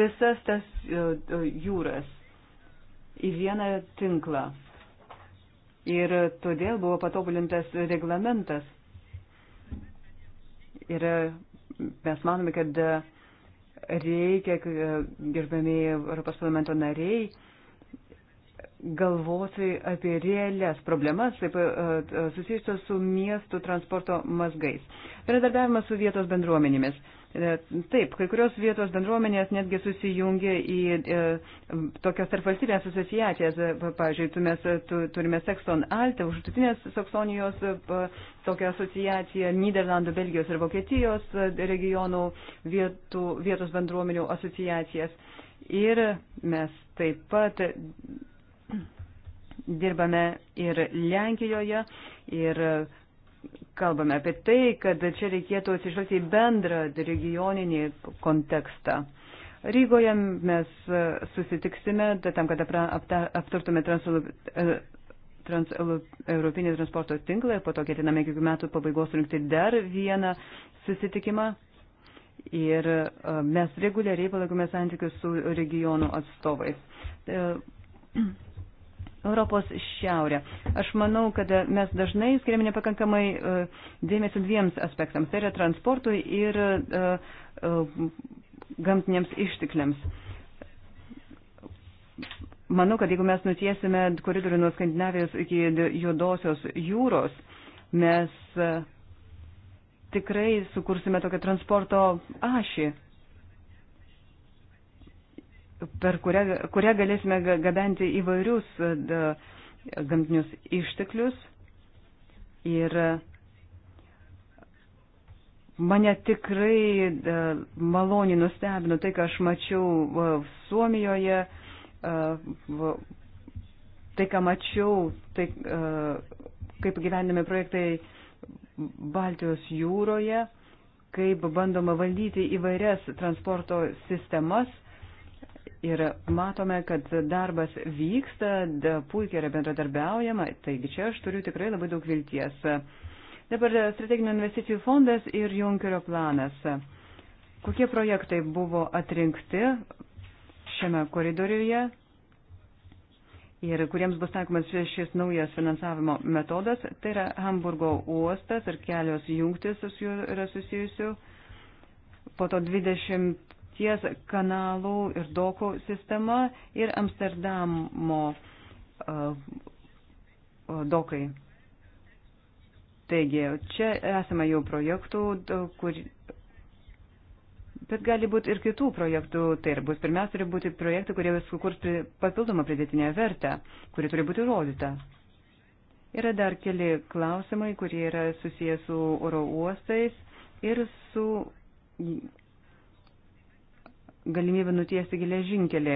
visas tas jūras į vieną tinklą. Ir todėl buvo patobulintas reglamentas. Ir mes manome, kad reikia, e, gerbėmiai Europos parlamento nariai, galvoti apie realias problemas, taip e, e, susijusios su miestų transporto mazgais. Bendradarbiavimas su vietos bendruomenėmis. E, taip, kai kurios vietos bendruomenės netgi susijungia į e, tokias tarpvalstybės asociacijas. E, pavyzdžiui, tu mes, tu, turime Saxon Alte, užtutinės Saksonijos e, tokią asociaciją, Niderlandų, Belgijos ir Vokietijos e, regionų vietų, vietos bendruomenių asociacijas. Ir mes taip pat dirbame ir Lenkijoje, ir kalbame apie tai, kad čia reikėtų atsižvelgti į bendrą regioninį kontekstą. Rygoje mes e, susitiksime tam, kad aptartume transeuropinį e, e, transporto tinklą ir po to ketiname iki metų pabaigos surinkti dar vieną susitikimą. Ir mes reguliariai palaikome santykius su regionų atstovais. Europos šiaurę. Aš manau, kad mes dažnai skiriame nepakankamai e, dėmesio dviems aspektams. Tai yra transportui ir e, e, gamtiniams ištikliams. Manau, kad jeigu mes nutiesime koridorių nuo Skandinavijos iki Juodosios jūros, mes tikrai sukursime tokią transporto ašį per kurią, kurią galėsime gabenti įvairius e, gamtinius išteklius. Ir e, mane tikrai e, maloniai nustebino tai, ką aš mačiau Suomijoje, tai, ką mačiau, tai, kaip gyvenami projektai Baltijos jūroje, kaip bandoma valdyti įvairias transporto sistemas Ir matome, kad darbas vyksta, da, puikiai yra bendradarbiaujama, taigi čia aš turiu tikrai labai daug vilties. Dabar strateginių investicijų fondas ir Junkerio planas. Kokie projektai buvo atrinkti šiame koridoriuje ir kuriems bus taikomas šis naujas finansavimo metodas, tai yra Hamburgo uostas ir kelios jungtis su juo yra susijusių po to 20 ties kanalų ir dokų sistema ir Amsterdamo e, dokai. Taigi, čia esame jau projektų, kur, bet gali būti ir kitų projektų. Tai ir bus pirmiausia, turi būti projektų, kurie sukurs papildomą pridėtinę vertę, kuri turi būti įrodyta. Yra dar keli klausimai, kurie yra susijęs su oro uostais ir su galimybę nutiesti geležinkelį.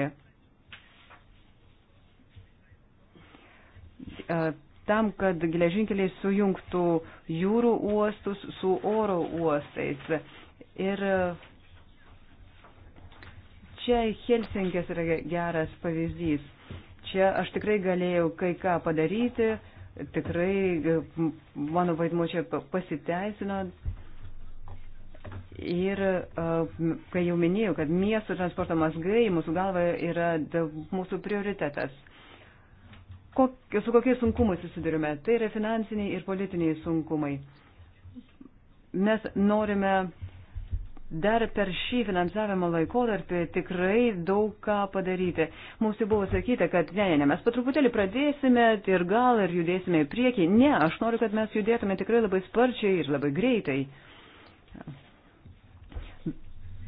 Tam, kad geležinkeliai sujungtų jūrų uostus su oro uostais. Ir čia Helsinkės yra geras pavyzdys. Čia aš tikrai galėjau kai ką padaryti, tikrai mano vaidmuo čia pasiteisino, Ir e, kai jau minėjau, kad miestų transporto mazgai mūsų galva yra mūsų prioritetas. Kok, su kokiais sunkumais susidurime? Tai yra finansiniai ir politiniai sunkumai. Mes norime dar per šį finansavimo laikotarpį tikrai daug ką padaryti. Mums jau buvo sakyta, kad ne, ne, ne, mes patruputėlį pradėsime ir gal ir judėsime į priekį. Ne, aš noriu, kad mes judėtume tikrai labai sparčiai ir labai greitai. Ja.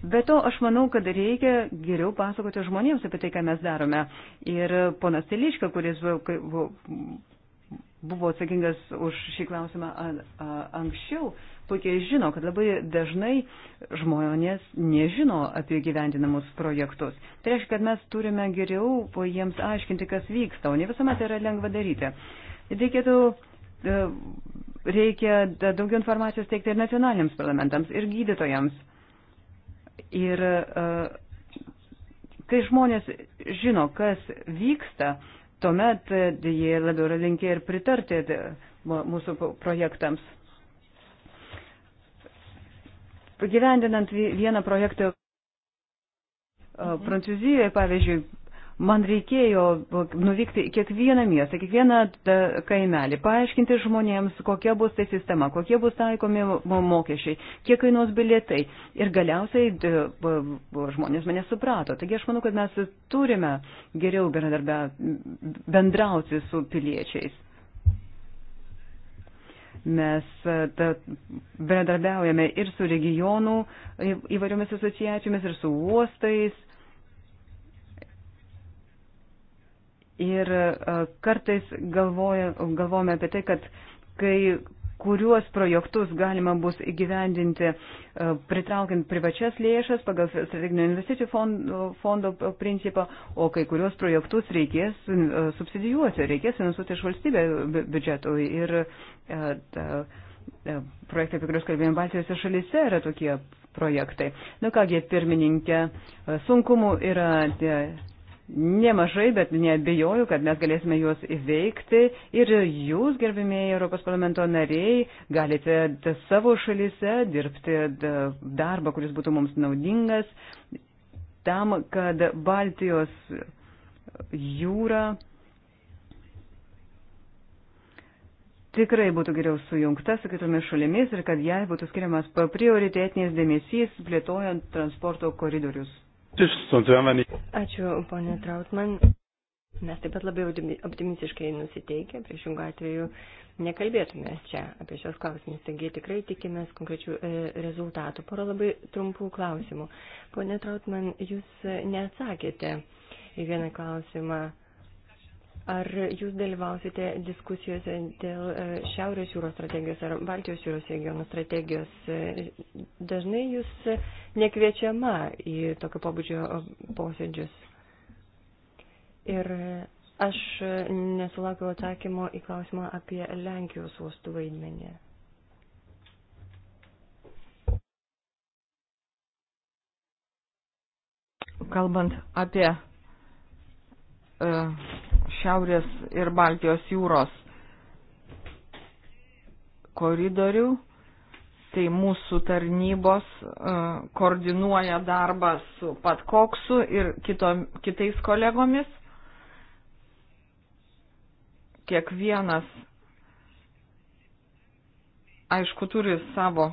Be to, aš manau, kad reikia geriau pasakoti žmonėms apie tai, ką mes darome. Ir ponas Teliška, kuris buvo atsakingas už šį klausimą anksčiau, puikiai žino, kad labai dažnai žmonės nežino apie gyvendinamus projektus. Tai reiškia, kad mes turime geriau po jiems aiškinti, kas vyksta, o ne visuomet tai yra lengva daryti. Reikėtų e, reikia daugiau informacijos teikti ir nacionaliniams parlamentams, ir gydytojams. Ir e, kai žmonės žino, kas vyksta, tuomet e, jie labiau yra linkę ir pritarti e, mūsų projektams. Gyvendinant vieną projektą Prancūzijoje, pavyzdžiui, man reikėjo nuvykti į kiekvieną miestą, kiekvieną e, kaimelį, paaiškinti žmonėms, kokia bus ta sistema, kokie bus taikomi mokesčiai, kiek kainuos bilietai. Ir galiausiai e, žmonės mane suprato. Taigi aš manau, kad mes turime geriau bendrauti su piliečiais. Mes e, bendradarbiaujame ir su regionų įvairiomis asociacijomis, ir su uostais, Ir e, kartais galvoja, galvojame apie tai, kad kai kuriuos projektus galima bus įgyvendinti, e, pritraukiant privačias lėšas pagal strateginio investicijų fondo, fondo principą, o kai kuriuos projektus reikės e, subsidijuoti, reikės finansuoti iš valstybės biudžeto. Ir ta, projektai, apie kuriuos kalbėjome Baltijose šalyse, yra tokie projektai. Na nu kągi, pirmininkė, sunkumų yra nemažai, bet nebejoju, kad mes galėsime juos įveikti ir jūs, gerbimieji Europos parlamento nariai, galite savo šalise dirbti darbą, kuris būtų mums naudingas, tam, kad Baltijos jūra tikrai būtų geriau sujungta su kitomis šalimis ir kad jai būtų skiriamas prioritėtinis dėmesys plėtojant transporto koridorius. Ačiū, ponė Trautman. Mes taip pat labai optimistiškai nusiteikę, priešingų atveju nekalbėtume čia apie šios klausimus. Taigi tikrai tikimės konkrečių e, rezultatų. Poro labai trumpų klausimų. Pone Trautman, jūs e, neatsakėte į vieną klausimą Ar jūs dalyvausite diskusijose dėl e, Šiaurės jūros strategijos ar Baltijos jūros regionų strategijos? E, dažnai jūs nekviečiama į tokio pobūdžio e, posėdžius. Ir aš nesulaukiau atsakymo į klausimą apie Lenkijos uostų vaidmenį. Kalbant apie uh, Šiaurės ir Baltijos jūros koridorių. Tai mūsų tarnybos e, koordinuoja darbą su Pat Koksu ir kito, kitais kolegomis. Kiekvienas, aišku, turi savo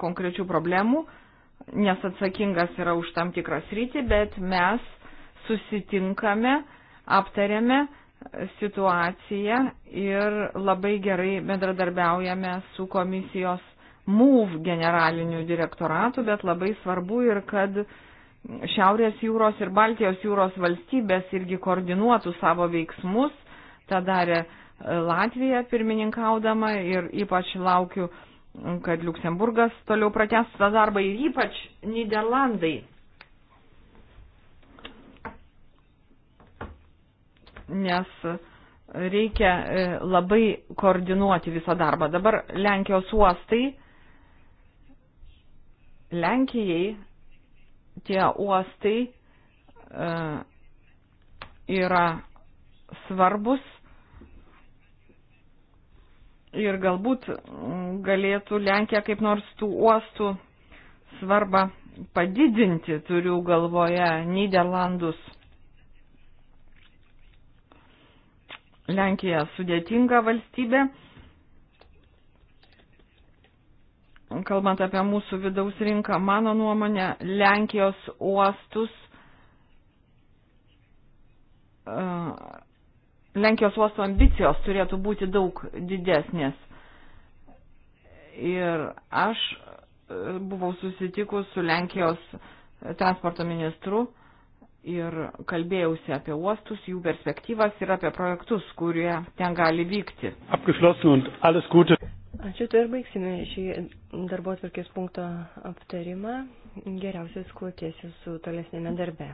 konkrečių problemų, nes atsakingas yra už tam tikrą sritį, bet mes susitinkame aptarėme situaciją ir labai gerai bendradarbiaujame su komisijos MUV generaliniu direktoratu, bet labai svarbu ir kad Šiaurės jūros ir Baltijos jūros valstybės irgi koordinuotų savo veiksmus. Ta darė e, Latvija pirmininkaudama ir ypač laukiu, kad Luksemburgas toliau pratęs tą darbą ir ypač Niderlandai nes reikia e, labai koordinuoti visą darbą. Dabar Lenkijos uostai, Lenkijai tie uostai e, yra svarbus ir galbūt mm, galėtų Lenkija kaip nors tų uostų svarbą padidinti, turiu galvoje Niderlandus. Lenkija sudėtinga valstybė. Kalbant apie mūsų vidaus rinką, mano nuomonė, Lenkijos uostus, e, Lenkijos uosto ambicijos turėtų būti daug didesnės. Ir aš e, buvau susitikus su Lenkijos transporto ministru ir kalbėjausi apie uostus, jų perspektyvas ir apie projektus, kurie ten gali vykti. Ačiū, tai ir baigsime šį darbo atvirkės punkto aptarimą. Geriausios kloties jūsų tolesnėme darbe.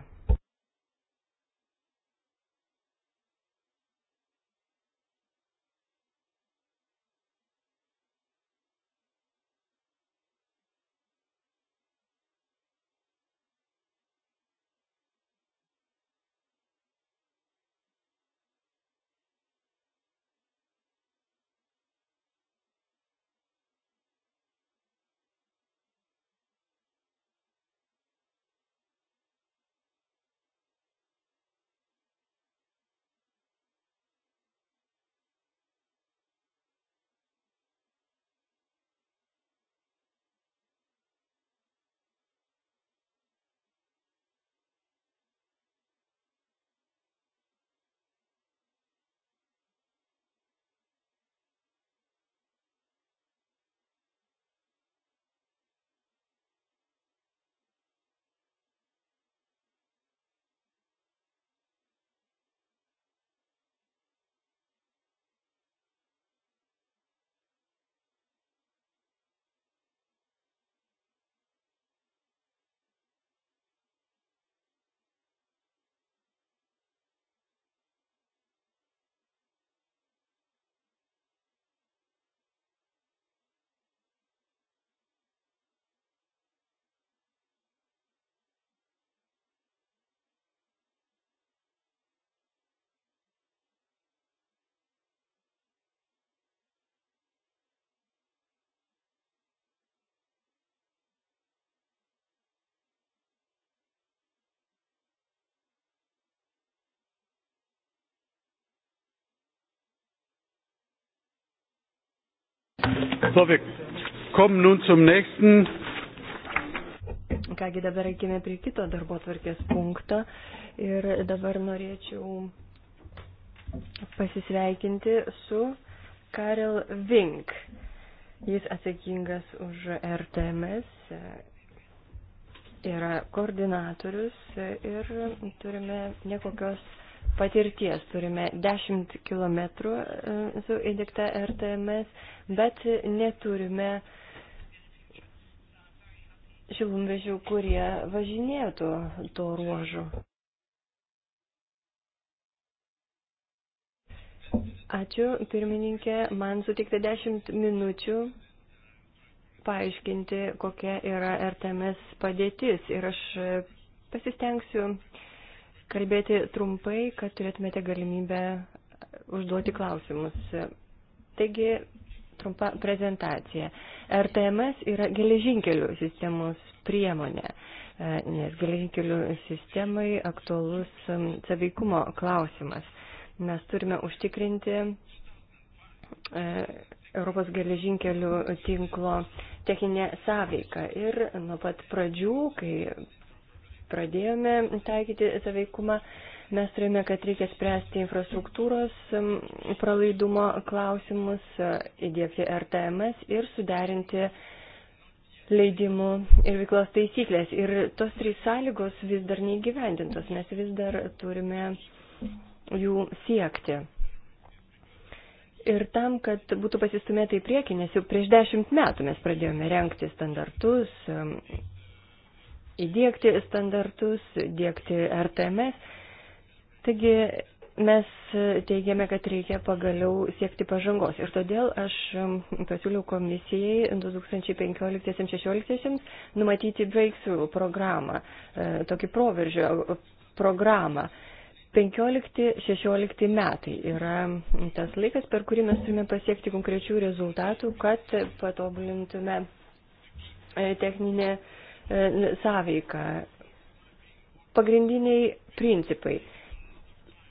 So, wir kommen nun zum nächsten. Kągi dabar eikime prie kito darbo tvarkės punkto ir dabar norėčiau pasisveikinti su Karel Vink. Jis atsakingas už RTMS, yra koordinatorius ir turime nekokios patirties. Turime 10 km e, su įdėkta RTMS, bet neturime šilumvežių, kurie važinėtų tuo ruožu. Ačiū, pirmininkė. Man sutikta 10 minučių paaiškinti, kokia yra RTMS padėtis. Ir aš pasistengsiu kalbėti trumpai, kad turėtumėte galimybę užduoti klausimus. Taigi, trumpa prezentacija. RTMS yra geležinkelių sistemos priemonė, e, nes geležinkelių sistemai aktualus saveikumo klausimas. Mes turime užtikrinti e, Europos geležinkelių tinklo techninė sąveika. Ir nuo pat pradžių, kai pradėjome taikyti saveikumą, mes turime, kad reikia spręsti infrastruktūros pralaidumo klausimus, įdėkti RTMS ir suderinti leidimų ir veiklos taisyklės. Ir tos trys sąlygos vis dar neįgyvendintos, mes vis dar turime jų siekti. Ir tam, kad būtų pasistumėta į priekį, nes jau prieš dešimt metų mes pradėjome renkti standartus, įdėkti standartus, dėkti RTMS. Taigi mes teigiame, kad reikia pagaliau siekti pažangos. Ir todėl aš um, pasiūliau komisijai 2015-2016 numatyti breakthrough programą, e, tokį proveržio e, programą. 15-16 metai yra tas laikas, per kurį mes turime pasiekti konkrečių rezultatų, kad patobulintume e, techninę E, sąveika. Pagrindiniai principai.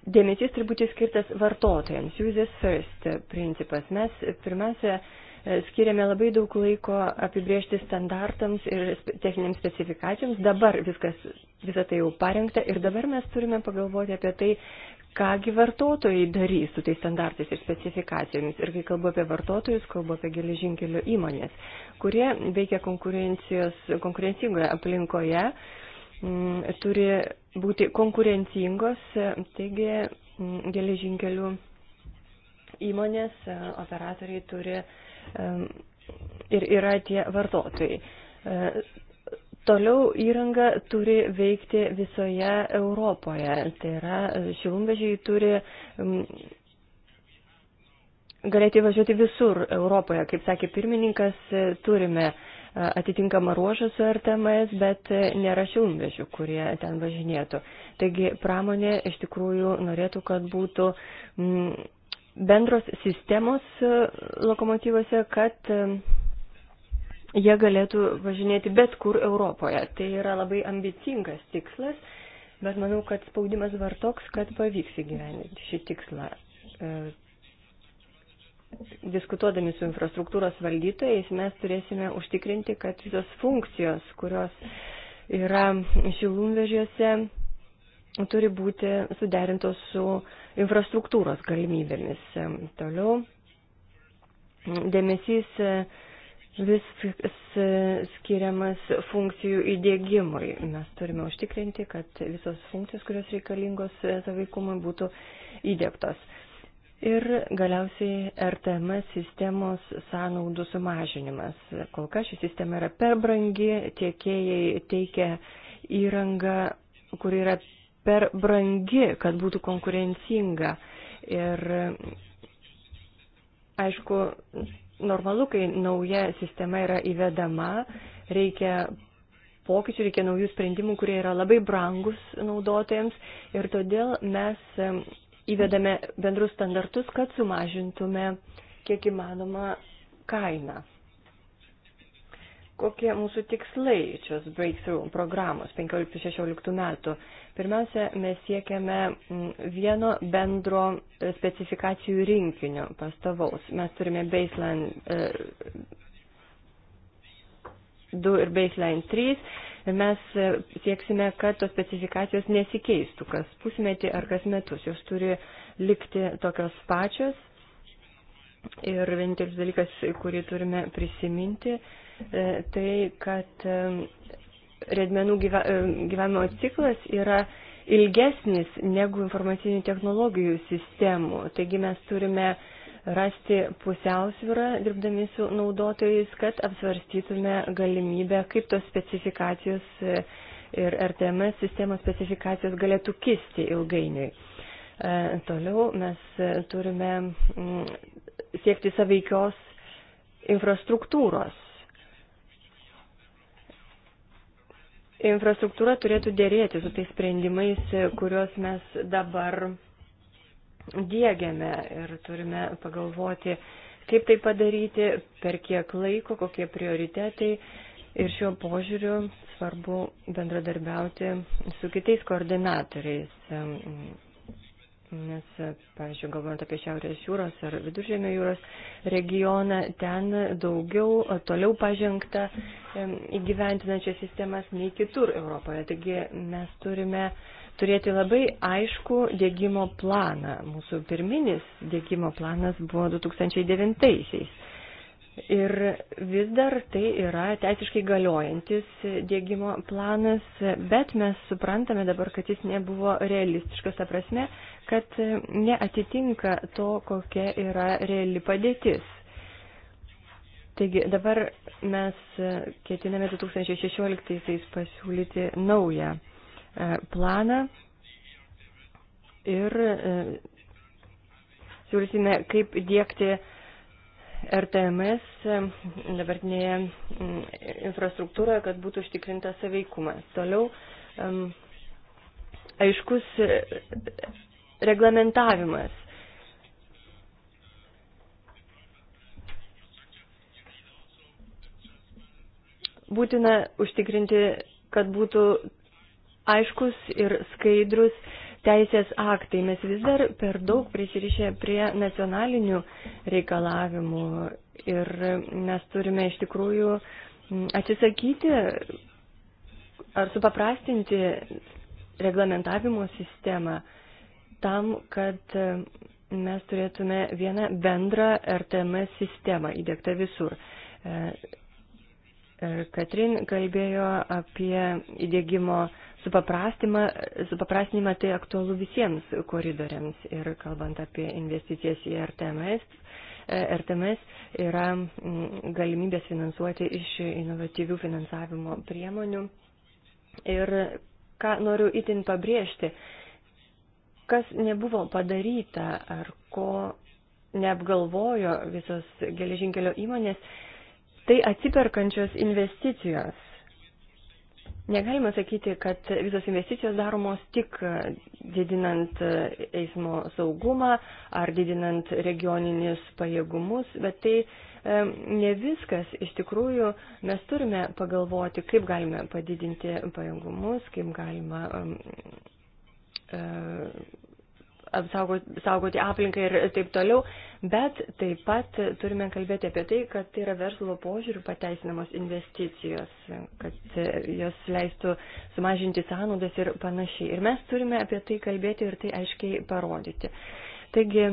Dėmesys turi būti skirtas vartotojams. Users first principas. Mes pirmiausia e, skiriame labai daug laiko apibriežti standartams ir techniniams specifikacijoms. Dabar viskas, visa tai jau parengta ir dabar mes turime pagalvoti apie tai, kągi vartotojai darys su tais standartais ir specifikacijomis. Ir kai kalbu apie vartotojus, kalbu apie geležinkelio įmonės, kurie veikia konkurencingoje aplinkoje, m, mm, turi būti konkurencingos, taigi mm, geležinkelių įmonės e, operatoriai turi m, ir yra tie vartotojai. E, Toliau įranga turi veikti visoje Europoje. Tai yra, šilumvežiai turi mm, galėti važiuoti visur Europoje. Kaip sakė pirmininkas, turime e, atitinkamą ruožą su RTMS, bet e, nėra šilumvežių, kurie ten važinėtų. Taigi pramonė iš tikrųjų norėtų, kad būtų mm, bendros sistemos e, lokomotyvose, kad jie galėtų važinėti bet kur Europoje. Tai yra labai ambicingas tikslas, bet manau, kad spaudimas var toks, kad pavyks įgyveninti šį tikslą. E, diskutuodami su infrastruktūros valdytojais mes turėsime užtikrinti, kad visos funkcijos, kurios yra šilumvežiuose, turi būti suderintos su infrastruktūros galimybėmis. E, toliau dėmesys e, viskas skiriamas funkcijų įdėgymui. Mes turime užtikrinti, kad visos funkcijos, kurios reikalingos savaikumui, e-, būtų įdėktos. Ir galiausiai RTM sistemos sąnaudų sumažinimas. Kol kas ši sistema yra per brangi, tiekėjai teikia įrangą, kuri yra per brangi, kad būtų konkurencinga. Ir aišku, normalu, kai nauja sistema yra įvedama, reikia pokyčių, reikia naujų sprendimų, kurie yra labai brangus naudotojams ir todėl mes įvedame bendrus standartus, kad sumažintume kiek įmanoma kainą kokie mūsų tikslai šios breakthrough programos 15-16 metų. Pirmiausia, mes siekiame mm, vieno bendro e, specifikacijų rinkinio pastovaus. Mes turime baseline 2 e, ir baseline 3 ir mes e, sieksime, kad tos specifikacijos nesikeistų kas pusmetį ar kas metus. Jos turi likti tokios pačios Ir vienintelis dalykas, kurį turime prisiminti, e, tai, kad e, redmenų e, gyvenimo ciklas yra ilgesnis negu informacinių technologijų sistemų. Taigi mes turime rasti pusiausvyrą dirbdami su naudotojais, kad apsvarstytume galimybę, kaip tos specifikacijos ir RTMS sistemos specifikacijos galėtų kisti ilgainiui. Toliau mes turime siekti saveikios infrastruktūros. Infrastruktūra turėtų dėrėti su tais sprendimais, kuriuos mes dabar dėgiame ir turime pagalvoti, kaip tai padaryti, per kiek laiko, kokie prioritetai. Ir šiuo požiūriu svarbu bendradarbiauti su kitais koordinatoriais Nes, pavyzdžiui, galvojant apie Šiaurės jūros ar Viduržėmio jūros regioną, ten daugiau toliau pažengta įgyventinančias sistemas nei kitur Europoje. Taigi mes turime turėti labai aišku dėgymo planą. Mūsų pirminis dėgymo planas buvo 2009-aisiais. Ir vis dar tai yra teisiškai galiojantis dėgymo planas, bet mes suprantame dabar, kad jis nebuvo realistiškas, ta prasme, kad neatitinka to, kokia yra reali padėtis. Taigi dabar mes ketiname 2016 pasiūlyti naują e, planą ir e, siūlysime, kaip dėkti RTMS dabartinėje infrastruktūroje, kad būtų užtikrintas saveikumas. Toliau aiškus e, reglamentavimas. Būtina užtikrinti, kad būtų aiškus ir skaidrus teisės aktai. Mes vis dar per daug prisirišę prie nacionalinių reikalavimų ir mes turime iš tikrųjų atsisakyti ar supaprastinti reglamentavimo sistemą tam, kad mes turėtume vieną bendrą RTMS sistemą įdėktą visur. E, e, Katrin kalbėjo apie įdėgymo Supaprastinimą tai aktualu visiems koridoriams ir kalbant apie investicijas į RTMS, RTMS yra mm, galimybės finansuoti iš inovatyvių finansavimo priemonių. Ir ką noriu itin pabrėžti, kas nebuvo padaryta ar ko neapgalvojo visos geležinkelio įmonės, tai atsiperkančios investicijos Negalima sakyti, kad visos investicijos daromos tik didinant eismo saugumą ar didinant regioninius pajėgumus, bet tai ne viskas. Iš tikrųjų, mes turime pagalvoti, kaip galime padidinti pajėgumus, kaip galima apsaugoti, saugoti aplinką ir taip toliau, bet taip pat turime kalbėti apie tai, kad tai yra verslo požiūrių pateisinamos investicijos, kad jos leistų sumažinti sąnaudas ir panašiai. Ir mes turime apie tai kalbėti ir tai aiškiai parodyti. Taigi,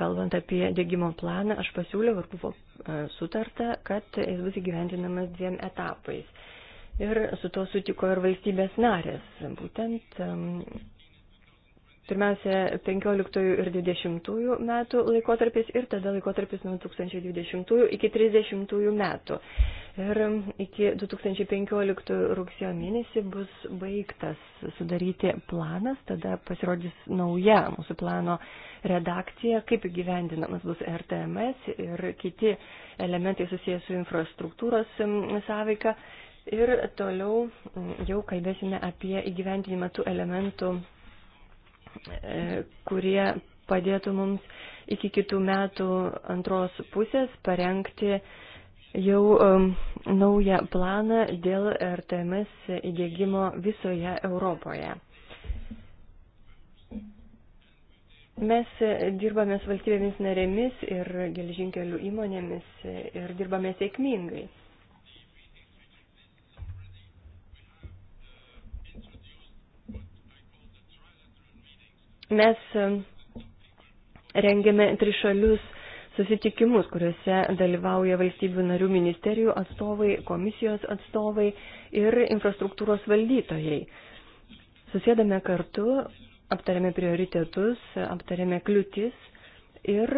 kalbant apie dėgymo planą, aš pasiūliau ir buvo e, sutarta, kad jis bus įgyvendinamas dviem etapais. Ir su tuo sutiko ir valstybės narės. Būtent Pirmiausia, 15 ir 20 metų laikotarpis ir tada laikotarpis nuo 2020 iki 30 metų. Ir iki 2015 rugsėjo mėnesį bus baigtas sudaryti planas, tada pasirodys nauja mūsų plano redakcija, kaip gyvendinamas bus RTMS ir kiti elementai susijęs su infrastruktūros sąveika. Ir toliau jau kalbėsime apie įgyvendinimą tų elementų E, kurie padėtų mums iki kitų metų antros pusės parengti jau um, naują planą dėl RTMS įdėgymo visoje Europoje. Mes dirbame su valstybėmis narėmis ir gelžinkelių įmonėmis ir dirbame sėkmingai. Mes e, rengiame trišalius susitikimus, kuriuose dalyvauja valstybių narių ministerijų atstovai, komisijos atstovai ir infrastruktūros valdytojai. Susėdame kartu, aptarėme prioritetus, aptarėme kliūtis ir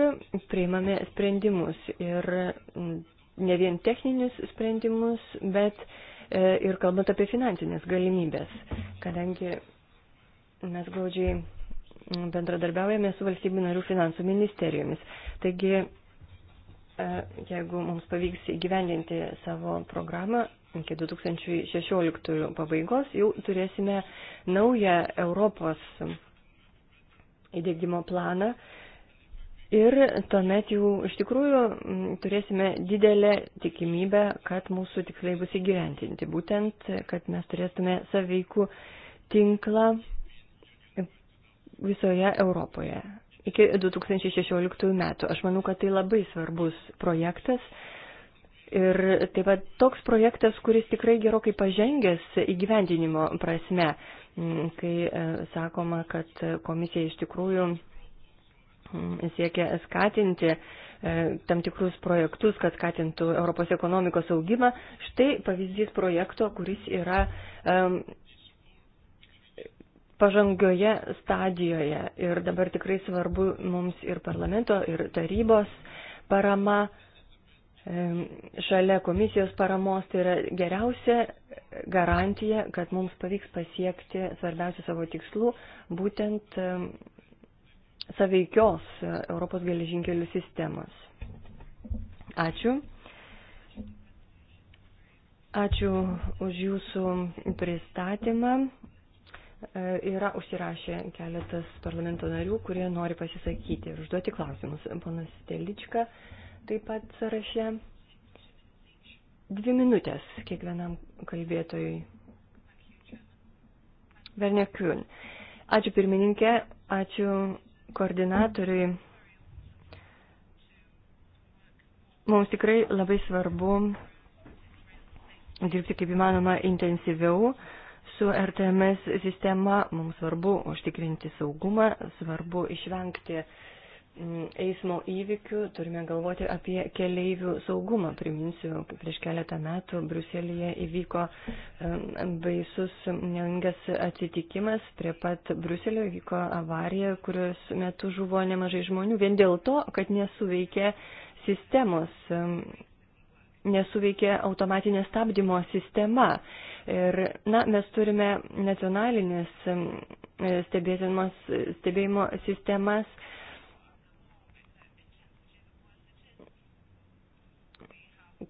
priimame sprendimus. Ir ne vien techninius sprendimus, bet e, ir kalbant apie finansinės galimybės, kadangi mes glaudžiai bendradarbiaujame su valstybių narių finansų ministerijomis. Taigi, e, jeigu mums pavyks įgyvendinti savo programą iki 2016 pabaigos, jau turėsime naują Europos įdėgymo planą. Ir tuomet jau iš tikrųjų turėsime didelę tikimybę, kad mūsų tikslai bus įgyventinti. Būtent, kad mes turėtume saveikų tinklą visoje Europoje iki 2016 metų. Aš manau, kad tai labai svarbus projektas. Ir taip pat toks projektas, kuris tikrai gerokai pažengęs įgyvendinimo prasme, kai e, sakoma, kad komisija iš tikrųjų siekia skatinti e, tam tikrus projektus, kad skatintų Europos ekonomikos augimą. Štai pavyzdys projekto, kuris yra pažangioje stadijoje ir dabar tikrai svarbu mums ir parlamento, ir tarybos parama, šalia komisijos paramos tai yra geriausia garantija, kad mums pavyks pasiekti svarbiausių savo tikslų, būtent saveikios Europos geležinkelių sistemos. Ačiū. Ačiū už jūsų pristatymą. E, yra užsirašę keletas parlamento narių, kurie nori pasisakyti ir užduoti klausimus. Ponas Telička taip pat sąraše. Dvi minutės kiekvienam kalbėtojui. Vernekiun. Ačiū pirmininkė, ačiū koordinatoriui. Mums tikrai labai svarbu dirbti kaip įmanoma intensyviau su RTMS sistema mums svarbu užtikrinti saugumą, svarbu išvengti mm, eismo įvykių, turime galvoti apie keleivių saugumą. Priminsiu, prieš keletą metų Bruselėje įvyko mm, baisus nelingęs atsitikimas, prie pat Bruselio įvyko avarija, kurios metu žuvo nemažai žmonių, vien dėl to, kad nesuveikė sistemos, mm, nesuveikė automatinė stabdymo sistema. Ir, na, mes turime nacionalinės stebėjimo sistemas.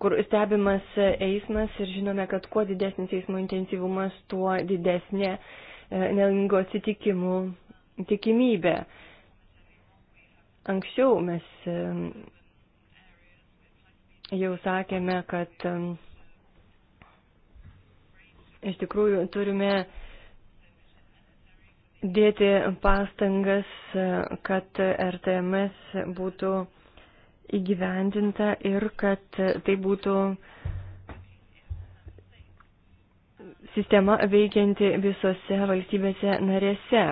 kur stebimas eismas ir žinome, kad kuo didesnis eismo intensyvumas, tuo didesnė e, nelaimingo atsitikimų tikimybė. Anksčiau mes jau sakėme, kad Iš tikrųjų, turime dėti pastangas, kad RTMS būtų įgyvendinta ir kad tai būtų sistema veikianti visose valstybėse narėse.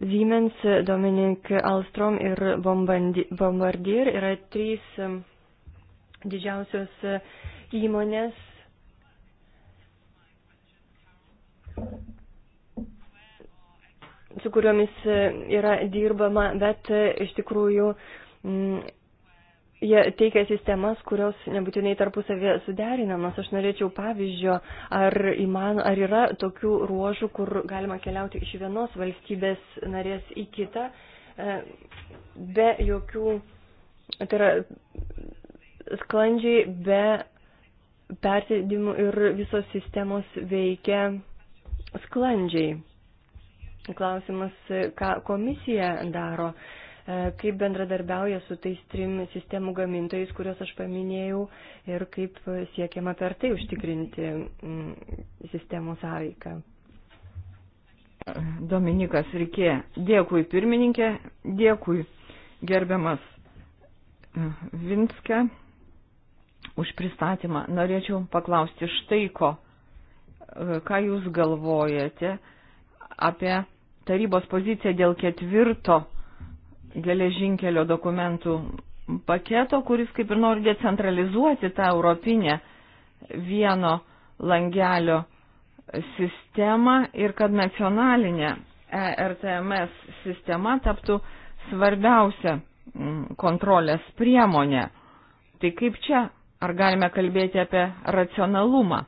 Siemens, Dominik Alstrom ir Bombardier yra trys um, didžiausios uh, įmonės. su kuriomis uh, yra dirbama, bet uh, iš tikrųjų mm, Jie teikia sistemas, kurios nebūtinai tarpusavė suderinamos. Aš norėčiau pavyzdžio, ar, įman, ar yra tokių ruožų, kur galima keliauti iš vienos valstybės narės į kitą, e, be jokių, tai yra sklandžiai, be persėdimų ir visos sistemos veikia sklandžiai. Klausimas, ką komisija daro. E, kaip bendradarbiauja su tais trim sistemų gamintojais, kuriuos aš paminėjau, ir kaip siekiama per tai užtikrinti mm, sistemų sąveiką. Dominikas Rikė, dėkui pirmininkė, dėkui gerbiamas e, Vinske už pristatymą. Norėčiau paklausti štai ko, e, ką jūs galvojate apie tarybos poziciją dėl ketvirto geležinkelio dokumentų paketo, kuris kaip ir nori decentralizuoti tą europinę vieno langelio sistemą ir kad nacionalinė ERTMS sistema taptų svarbiausia mm, kontrolės priemonė. Tai kaip čia, ar galime kalbėti apie racionalumą?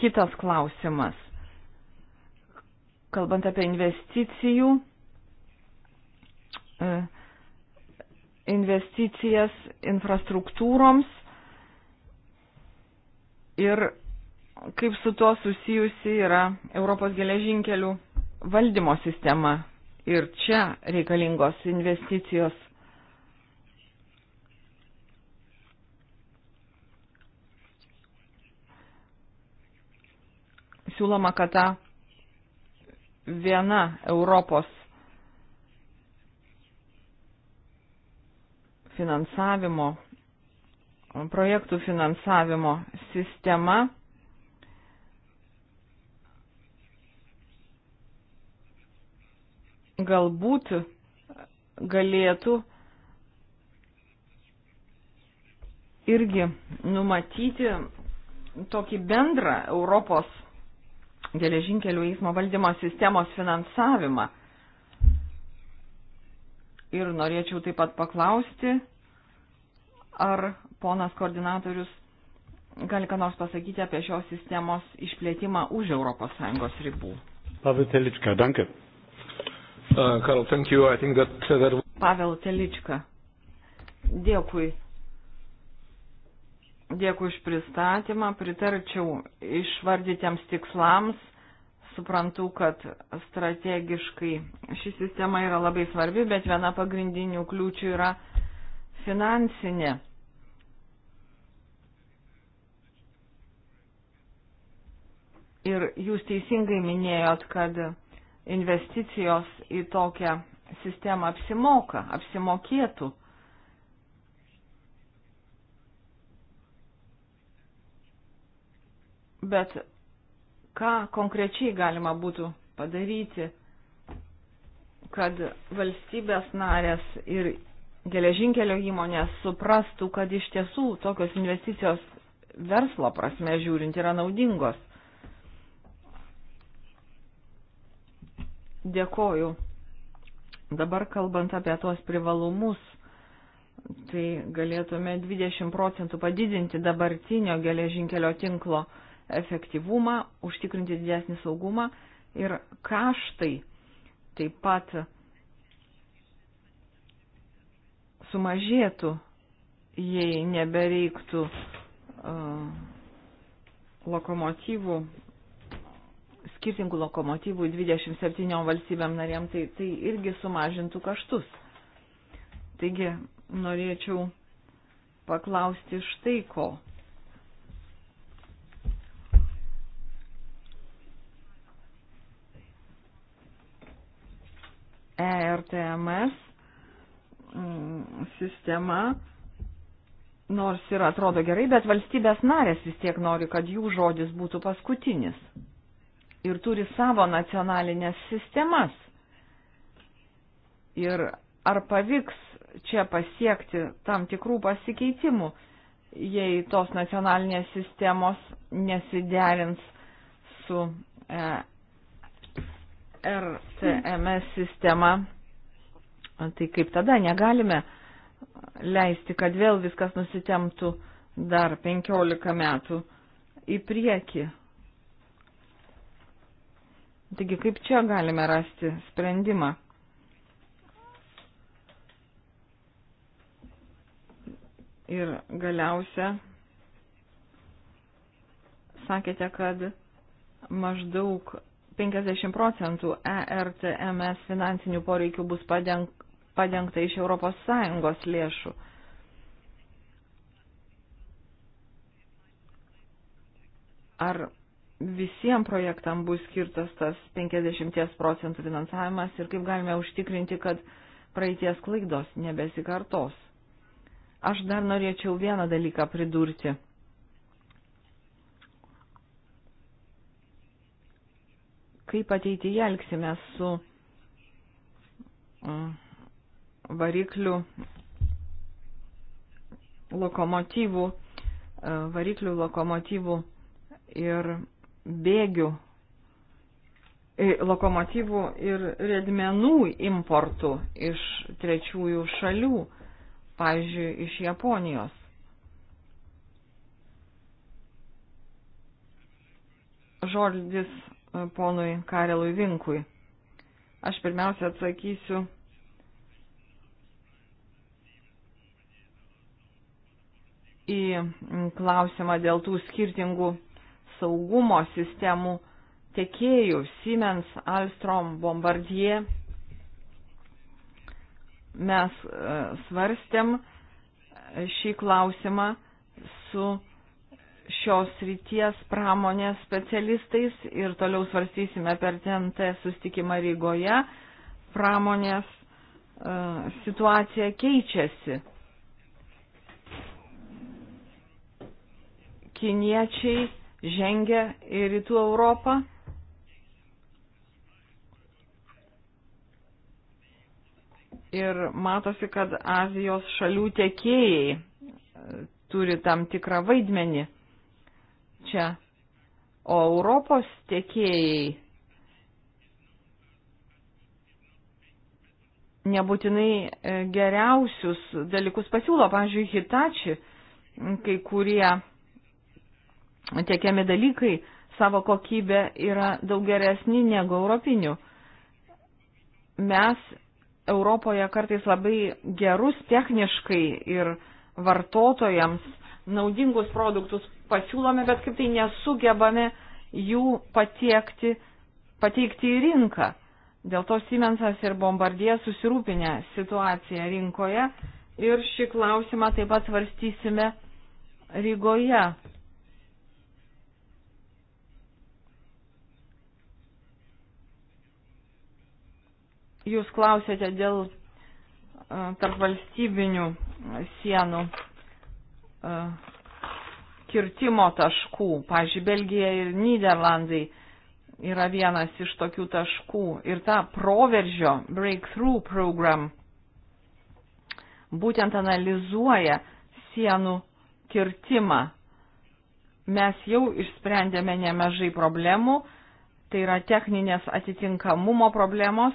Kitas klausimas. Kalbant apie investicijų E, investicijas infrastruktūroms ir kaip su tuo susijusi yra Europos geležinkelių valdymo sistema. Ir čia reikalingos investicijos. Siūloma, kad ta viena Europos finansavimo, projektų finansavimo sistema. Galbūt galėtų irgi numatyti tokį bendrą Europos geležinkelių eismo valdymo sistemos finansavimą. Ir norėčiau taip pat paklausti, ar ponas koordinatorius gali ką nors pasakyti apie šios sistemos išplėtimą už ES ribų. Pavel Telička, danke. Uh, Karl, thank you. I think that uh, there... Pavel Telička, dėkui. Dėkui už pristatymą, pritarčiau išvardytiems tikslams suprantu, kad strategiškai ši sistema yra labai svarbi, bet viena pagrindinių kliūčių yra finansinė. Ir jūs teisingai minėjot, kad investicijos į tokią sistemą apsimoka, apsimokėtų. Bet ką konkrečiai galima būtų padaryti, kad valstybės narės ir geležinkelio įmonės suprastų, kad iš tiesų tokios investicijos verslo prasme žiūrint yra naudingos. Dėkoju. Dabar kalbant apie tuos privalumus, tai galėtume 20 procentų padidinti dabartinio geležinkelio tinklo efektyvumą, užtikrinti didesnį saugumą ir kaštai taip pat sumažėtų, jei nebereiktų uh, lokomotyvų, skirtingų lokomotyvų 27 valstybėm narėm, tai, tai irgi sumažintų kaštus. Taigi norėčiau paklausti štai ko ERTMS mm, sistema, nors ir atrodo gerai, bet valstybės narės vis tiek nori, kad jų žodis būtų paskutinis. Ir turi savo nacionalinės sistemas. Ir ar pavyks čia pasiekti tam tikrų pasikeitimų, jei tos nacionalinės sistemos nesiderins su e, RCMS sistemą, tai kaip tada negalime leisti, kad vėl viskas nusitemtų dar 15 metų į priekį. Taigi kaip čia galime rasti sprendimą? Ir galiausia, sakėte, kad maždaug 50 procentų ERTMS finansinių poreikių bus padeng, padengta iš ES lėšų. Ar visiems projektam bus skirtas tas 50 procentų finansavimas ir kaip galime užtikrinti, kad praeities klaidos nebesikartos? Aš dar norėčiau vieną dalyką pridurti. kaip ateityje elgsime su mm, variklių lokomotyvų, e, variklių lokomotyvų ir bėgių, e, lokomotyvų ir riedmenų importų iš trečiųjų šalių, pavyzdžiui, iš Japonijos. Žodis ponui Karelui Vinkui. Aš pirmiausia atsakysiu į klausimą dėl tų skirtingų saugumo sistemų tiekėjų Siemens, Alstrom, Bombardier. Mes e, svarstėm šį klausimą su šios ryties pramonės specialistais ir toliau svarstysime per TNT sustikimą Rygoje. Pramonės uh, situacija keičiasi. Kiniečiai žengia į rytų Europą. Ir matosi, kad Azijos šalių tiekėjai e, turi tam tikrą vaidmenį čia. O Europos tiekėjai nebūtinai e, geriausius dalykus pasiūlo. Pavyzdžiui, Hitachi, kai kurie tiekiami dalykai savo kokybė yra daug geresni negu europinių. Mes Europoje kartais labai gerus techniškai ir vartotojams naudingus produktus pasiūlome, bet kaip tai nesugebame jų patiekti, pateikti į rinką. Dėl to Siemensas ir Bombardė susirūpinę situaciją rinkoje ir šį klausimą taip pat svarstysime Rygoje. Jūs klausėte dėl e, tarp valstybinių sienų E, kirtimo taškų. Pavyzdžiui, Belgija ir Niderlandai yra vienas iš tokių taškų. Ir ta proveržio breakthrough program būtent analizuoja sienų kirtimą. Mes jau išsprendėme nemažai problemų, tai yra techninės atitinkamumo problemos,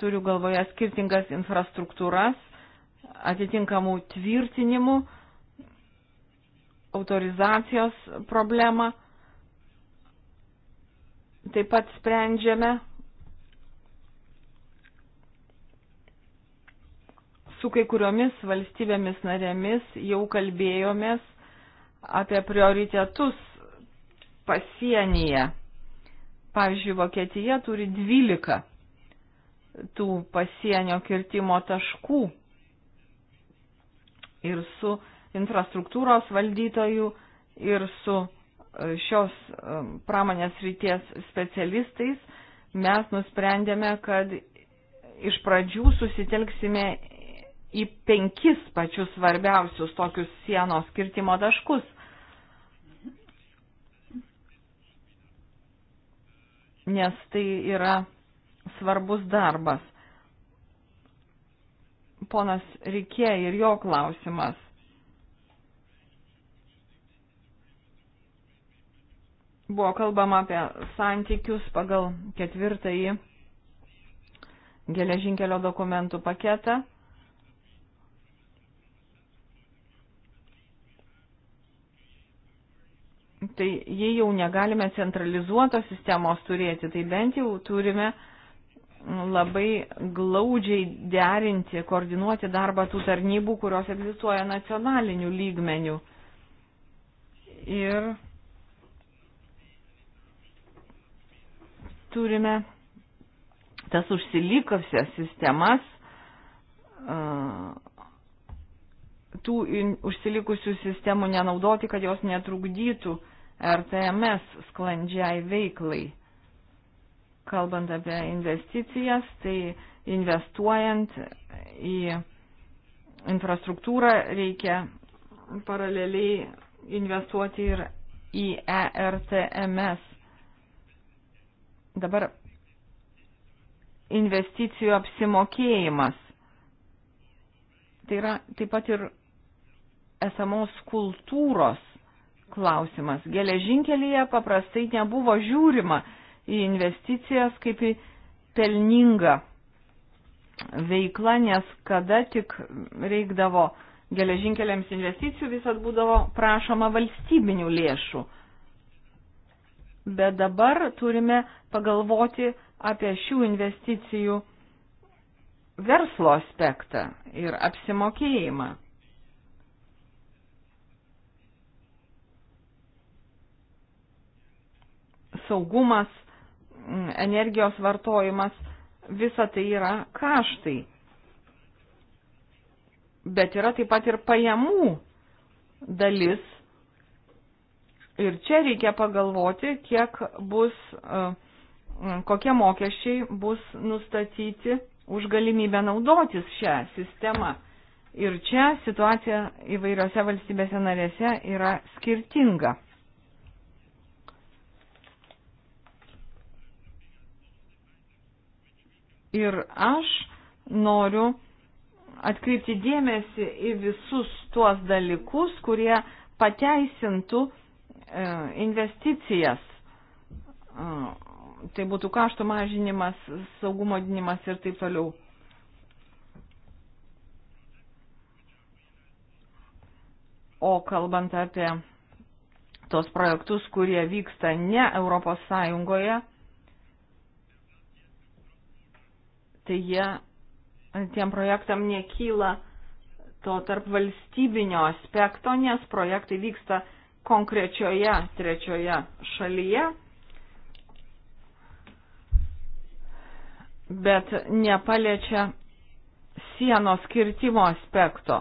turiu galvoje skirtingas infrastruktūras, atitinkamų tvirtinimų autorizacijos problemą. Taip pat sprendžiame su kai kuriomis valstybėmis narėmis jau kalbėjomės apie prioritetus pasienyje. Pavyzdžiui, Vokietija turi 12 tų pasienio kirtimo taškų ir su infrastruktūros valdytojų ir su e, šios e, pramonės ryties specialistais mes nusprendėme, kad iš pradžių susitelksime į penkis pačius svarbiausius tokius sienos skirtimo taškus. Nes tai yra svarbus darbas. Ponas Rikė ir jo klausimas Buvo kalbama apie santykius pagal ketvirtąjį geležinkelio dokumentų paketą. Tai jei jau negalime centralizuotos sistemos turėti, tai bent jau turime labai glaudžiai derinti, koordinuoti darbą tų tarnybų, kurios egzistuoja nacionaliniu lygmeniu. Ir turime tas užsilikusias sistemas, tų užsilikusių sistemų nenaudoti, kad jos netrukdytų RTMS sklandžiai veiklai. Kalbant apie investicijas, tai investuojant į infrastruktūrą reikia paraleliai investuoti ir į ERTMS Dabar investicijų apsimokėjimas. Tai yra taip pat ir esamos kultūros klausimas. Geležinkelėje paprastai nebuvo žiūrima į investicijas kaip į pelningą veiklą, nes kada tik reikdavo geležinkeliams investicijų, visat būdavo prašoma valstybinių lėšų bet dabar turime pagalvoti apie šių investicijų verslo aspektą ir apsimokėjimą. Saugumas, mm, energijos vartojimas, visa tai yra kaštai. Bet yra taip pat ir pajamų dalis Ir čia reikia pagalvoti, kiek bus, e, kokie mokesčiai bus nustatyti už galimybę naudotis šią sistemą. Ir čia situacija įvairiose valstybėse narėse yra skirtinga. Ir aš noriu atkreipti dėmesį į visus tuos dalykus, kurie pateisintų uh, E, investicijas. E, tai būtų kaštų mažinimas, saugumo dinimas ir taip toliau. O kalbant apie tos projektus, kurie vyksta ne Europos Sąjungoje, tai jie tiem projektam nekyla to tarp valstybinio aspekto, nes projektai vyksta konkrečioje trečioje šalyje, bet nepaliečia sienos kirtimo aspekto.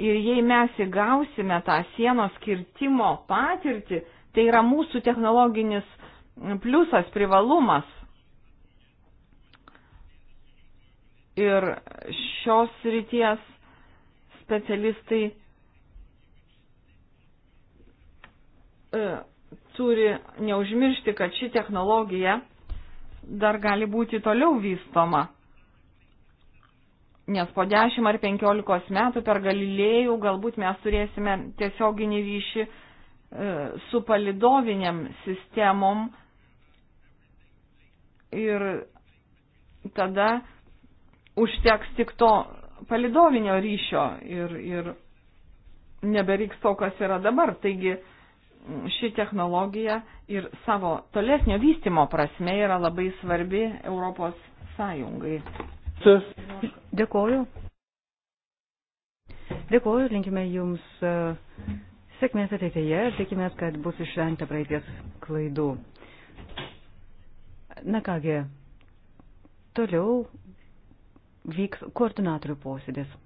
Ir jei mes įgausime tą sienos kirtimo patirtį, tai yra mūsų technologinis pliusas, privalumas. Ir šios ryties specialistai E, turi neužmiršti, kad ši technologija dar gali būti toliau vystoma. Nes po 10 ar 15 metų per galilėjų galbūt mes turėsime tiesioginį ryšį e, su palidoviniam sistemom ir tada užteks tik to palidovinio ryšio ir, ir nebereiks to, kas yra dabar. Taigi, ši technologija ir savo tolesnio vystimo prasme yra labai svarbi Europos Sąjungai. Dėkoju. Dėkoju, linkime Jums e, sėkmės ateityje ir tikimės, kad bus išvengta praeities klaidų. Na kągi, toliau vyks koordinatorių posėdis.